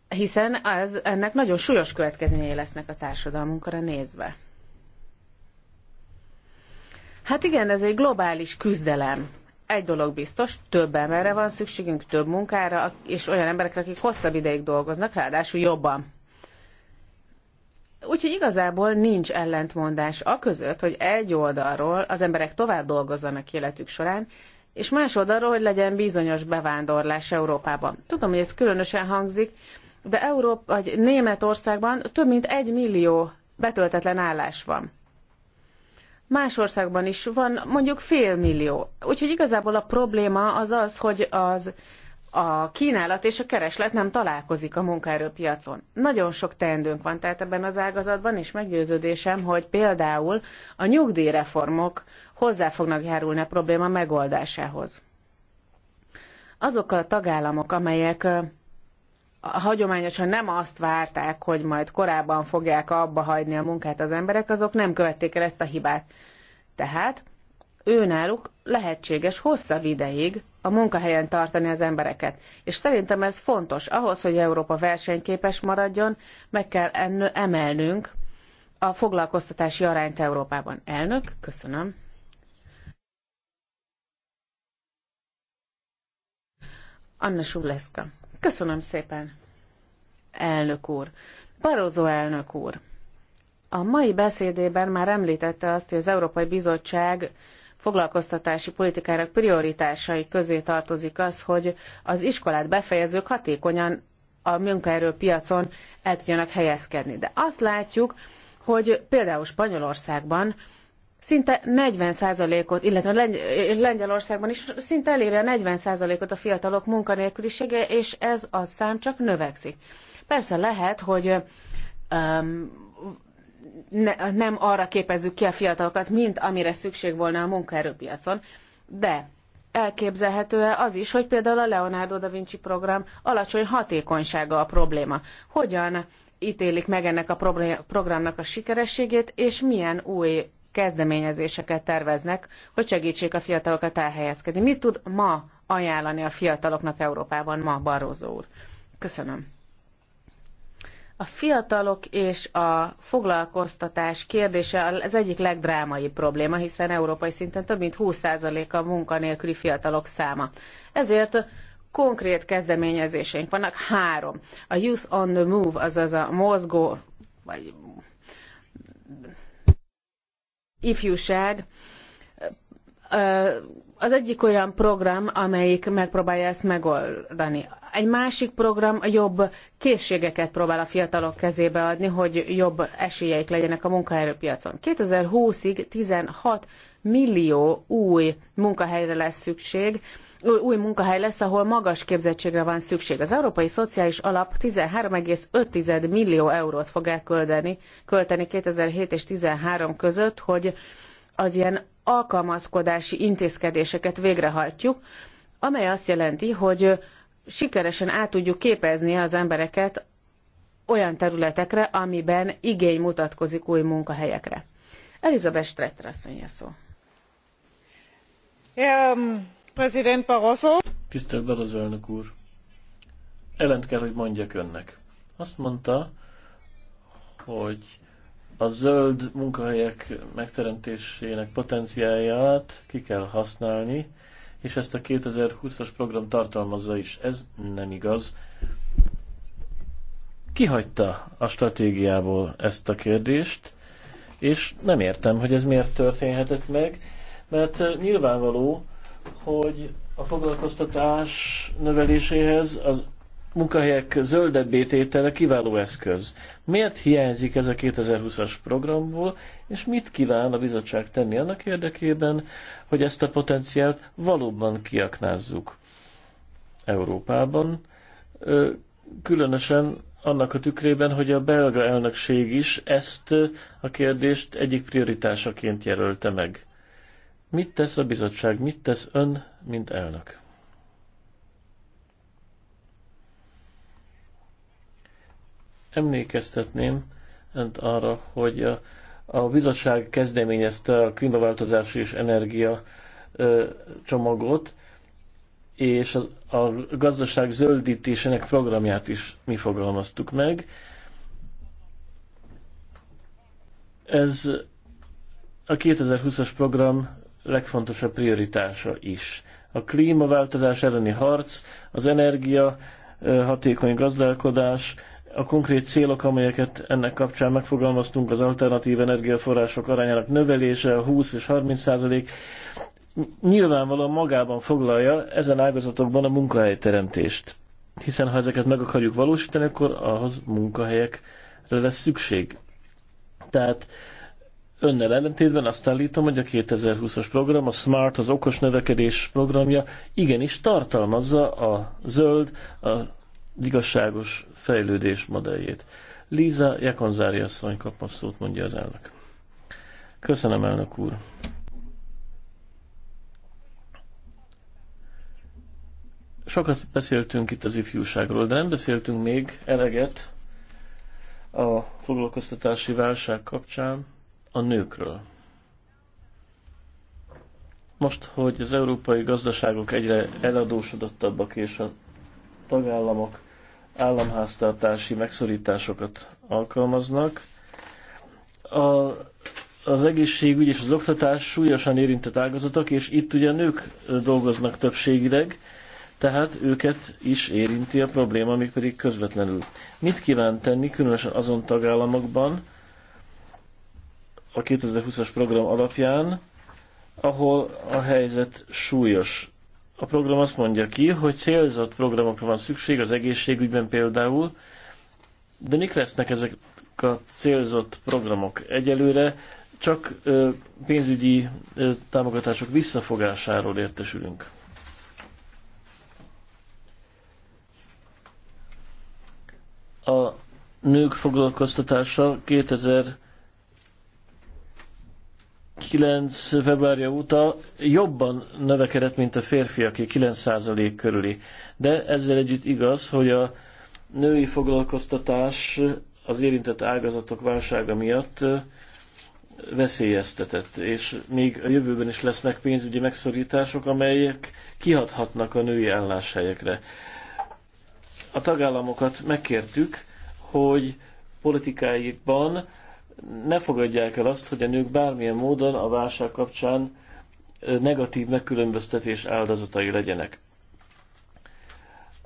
Hiszen az ennek nagyon súlyos következményei lesznek a társadalmunkra nézve. Hát igen, ez egy globális küzdelem. Egy dolog biztos, több emberre van szükségünk, több munkára, és olyan emberekre, akik hosszabb ideig dolgoznak, ráadásul jobban. Úgyhogy igazából nincs ellentmondás a között, hogy egy oldalról az emberek tovább dolgozzanak életük során, és más oldalról, hogy legyen bizonyos bevándorlás Európában. Tudom, hogy ez különösen hangzik, de Európa, vagy Németországban több mint egy millió betöltetlen állás van. Más országban is van mondjuk fél millió. Úgyhogy igazából a probléma az az, hogy az a kínálat és a kereslet nem találkozik a munkaerőpiacon. Nagyon sok teendőnk van tehát ebben az ágazatban, és meggyőződésem, hogy például a nyugdíjreformok hozzá fognak járulni a probléma megoldásához. Azok a tagállamok, amelyek hagyományosan nem azt várták, hogy majd korábban fogják abba hagyni a munkát az emberek, azok nem követték el ezt a hibát. Tehát náluk lehetséges hosszabb ideig a munkahelyen tartani az embereket. És szerintem ez fontos. Ahhoz, hogy Európa versenyképes maradjon, meg kell emelnünk a foglalkoztatási arányt Európában. Elnök, köszönöm. Anna Suleska. Köszönöm szépen, elnök úr. Barozó elnök úr, a mai beszédében már említette azt, hogy az Európai Bizottság foglalkoztatási politikának prioritásai közé tartozik az, hogy az iskolát befejezők hatékonyan a munkaerőpiacon el tudjanak helyezkedni. De azt látjuk, hogy például Spanyolországban szinte 40%-ot, illetve Lengyelországban is szinte eléri a 40%-ot a fiatalok munkanélkülisége, és ez a szám csak növekszik. Persze lehet, hogy um, ne, nem arra képezzük ki a fiatalokat, mint amire szükség volna a munkaerőpiacon, de elképzelhető-e az is, hogy például a Leonardo da Vinci program alacsony hatékonysága a probléma? Hogyan ítélik meg ennek a programnak a sikerességét, és milyen új kezdeményezéseket terveznek, hogy segítsék a fiatalokat elhelyezkedni. Mit tud ma ajánlani a fiataloknak Európában ma, Barózó úr? Köszönöm. A fiatalok és a foglalkoztatás kérdése az egyik legdrámai probléma, hiszen európai szinten több mint 20% a munkanélküli fiatalok száma. Ezért konkrét kezdeményezéseink vannak, három. A Youth on the Move, azaz a mozgó, vagy ifjúság az egyik olyan program, amelyik megpróbálja ezt megoldani. Egy másik program a jobb készségeket próbál a fiatalok kezébe adni, hogy jobb esélyeik legyenek a munkaerőpiacon. 2020-ig 16 millió új munkahelyre lesz szükség, új munkahely lesz, ahol magas képzettségre van szükség. Az Európai Szociális Alap 13,5 millió eurót fog elkölteni költeni 2007 és 2013 között, hogy az ilyen alkalmazkodási intézkedéseket végrehajtjuk, amely azt jelenti, hogy sikeresen át tudjuk képezni az embereket olyan területekre, amiben igény mutatkozik új munkahelyekre. Elizabeth Stretter asszonyja szó. Um President Barroso.
Tisztelt Barroso elnök úr! Ellent kell, hogy mondjak önnek. Azt mondta, hogy a zöld munkahelyek megteremtésének potenciáját ki kell használni, és ezt a 2020-as program tartalmazza is. Ez nem igaz. Kihagyta a stratégiából ezt a kérdést, és nem értem, hogy ez miért történhetett meg, mert eh, nyilvánvaló, hogy a foglalkoztatás növeléséhez az munkahelyek zöldebb tétele kiváló eszköz. Miért hiányzik ez a 2020-as programból, és mit kíván a bizottság tenni annak érdekében, hogy ezt a potenciált valóban kiaknázzuk Európában, különösen annak a tükrében, hogy a belga elnökség is ezt a kérdést egyik prioritásaként jelölte meg. Mit tesz a bizottság, mit tesz ön, mint elnök? Emlékeztetném önt arra, hogy a, a bizottság kezdeményezte a klímaváltozás és energia ö, csomagot, és a, a gazdaság zöldítésének programját is mi fogalmaztuk meg. Ez a 2020-as program legfontosabb prioritása is. A klímaváltozás elleni harc, az energia, hatékony gazdálkodás, a konkrét célok, amelyeket ennek kapcsán megfogalmaztunk, az alternatív energiaforrások arányának növelése, 20 és 30 százalék, nyilvánvalóan magában foglalja ezen ágazatokban a munkahelyteremtést. Hiszen ha ezeket meg akarjuk valósítani, akkor ahhoz munkahelyekre lesz szükség. Tehát önnel ellentétben azt állítom, hogy a 2020-as program, a SMART, az okos növekedés programja igenis tartalmazza a zöld, a igazságos fejlődés modelljét. Líza Jakonzári asszony kap a szót, mondja az elnök. Köszönöm, elnök úr. Sokat beszéltünk itt az ifjúságról, de nem beszéltünk még eleget a foglalkoztatási válság kapcsán a nőkről. Most, hogy az európai gazdaságok egyre eladósodottabbak és a tagállamok államháztartási megszorításokat alkalmaznak, a, az egészségügy és az oktatás súlyosan érintett ágazatok, és itt ugye nők dolgoznak többségileg, tehát őket is érinti a probléma, még pedig közvetlenül. Mit kíván tenni, különösen azon tagállamokban, a 2020-as program alapján, ahol a helyzet súlyos. A program azt mondja ki, hogy célzott programokra van szükség, az egészségügyben például, de mik lesznek ezek a célzott programok? Egyelőre csak ö, pénzügyi ö, támogatások visszafogásáról értesülünk. A nők foglalkoztatása 2000 2009. februárja óta jobban növekedett, mint a férfiaké, 9% körüli. De ezzel együtt igaz, hogy a női foglalkoztatás az érintett ágazatok válsága miatt veszélyeztetett, és még a jövőben is lesznek pénzügyi megszorítások, amelyek kihathatnak a női álláshelyekre. A tagállamokat megkértük, hogy politikáikban ne fogadják el azt, hogy a nők bármilyen módon a válság kapcsán negatív megkülönböztetés áldozatai legyenek.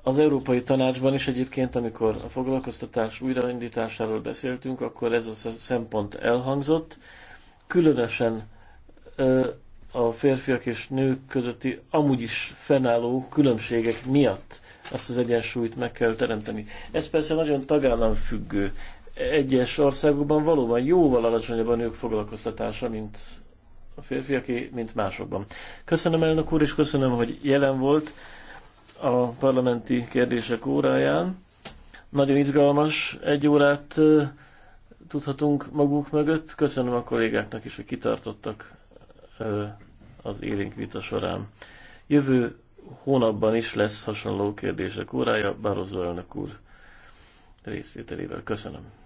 Az Európai Tanácsban is egyébként, amikor a foglalkoztatás újraindításáról beszéltünk, akkor ez a szempont elhangzott. Különösen a férfiak és nők közötti amúgy is fennálló különbségek miatt azt az egyensúlyt meg kell teremteni. Ez persze nagyon tagállam függő egyes országokban valóban jóval alacsonyabb a nők foglalkoztatása, mint a férfiaké, mint másokban. Köszönöm elnök úr, és köszönöm, hogy jelen volt a parlamenti kérdések óráján. Nagyon izgalmas, egy órát tudhatunk magunk mögött. Köszönöm a kollégáknak is, hogy kitartottak az élénk vita során. Jövő hónapban is lesz hasonló kérdések órája, Barozó elnök úr részvételével. Köszönöm.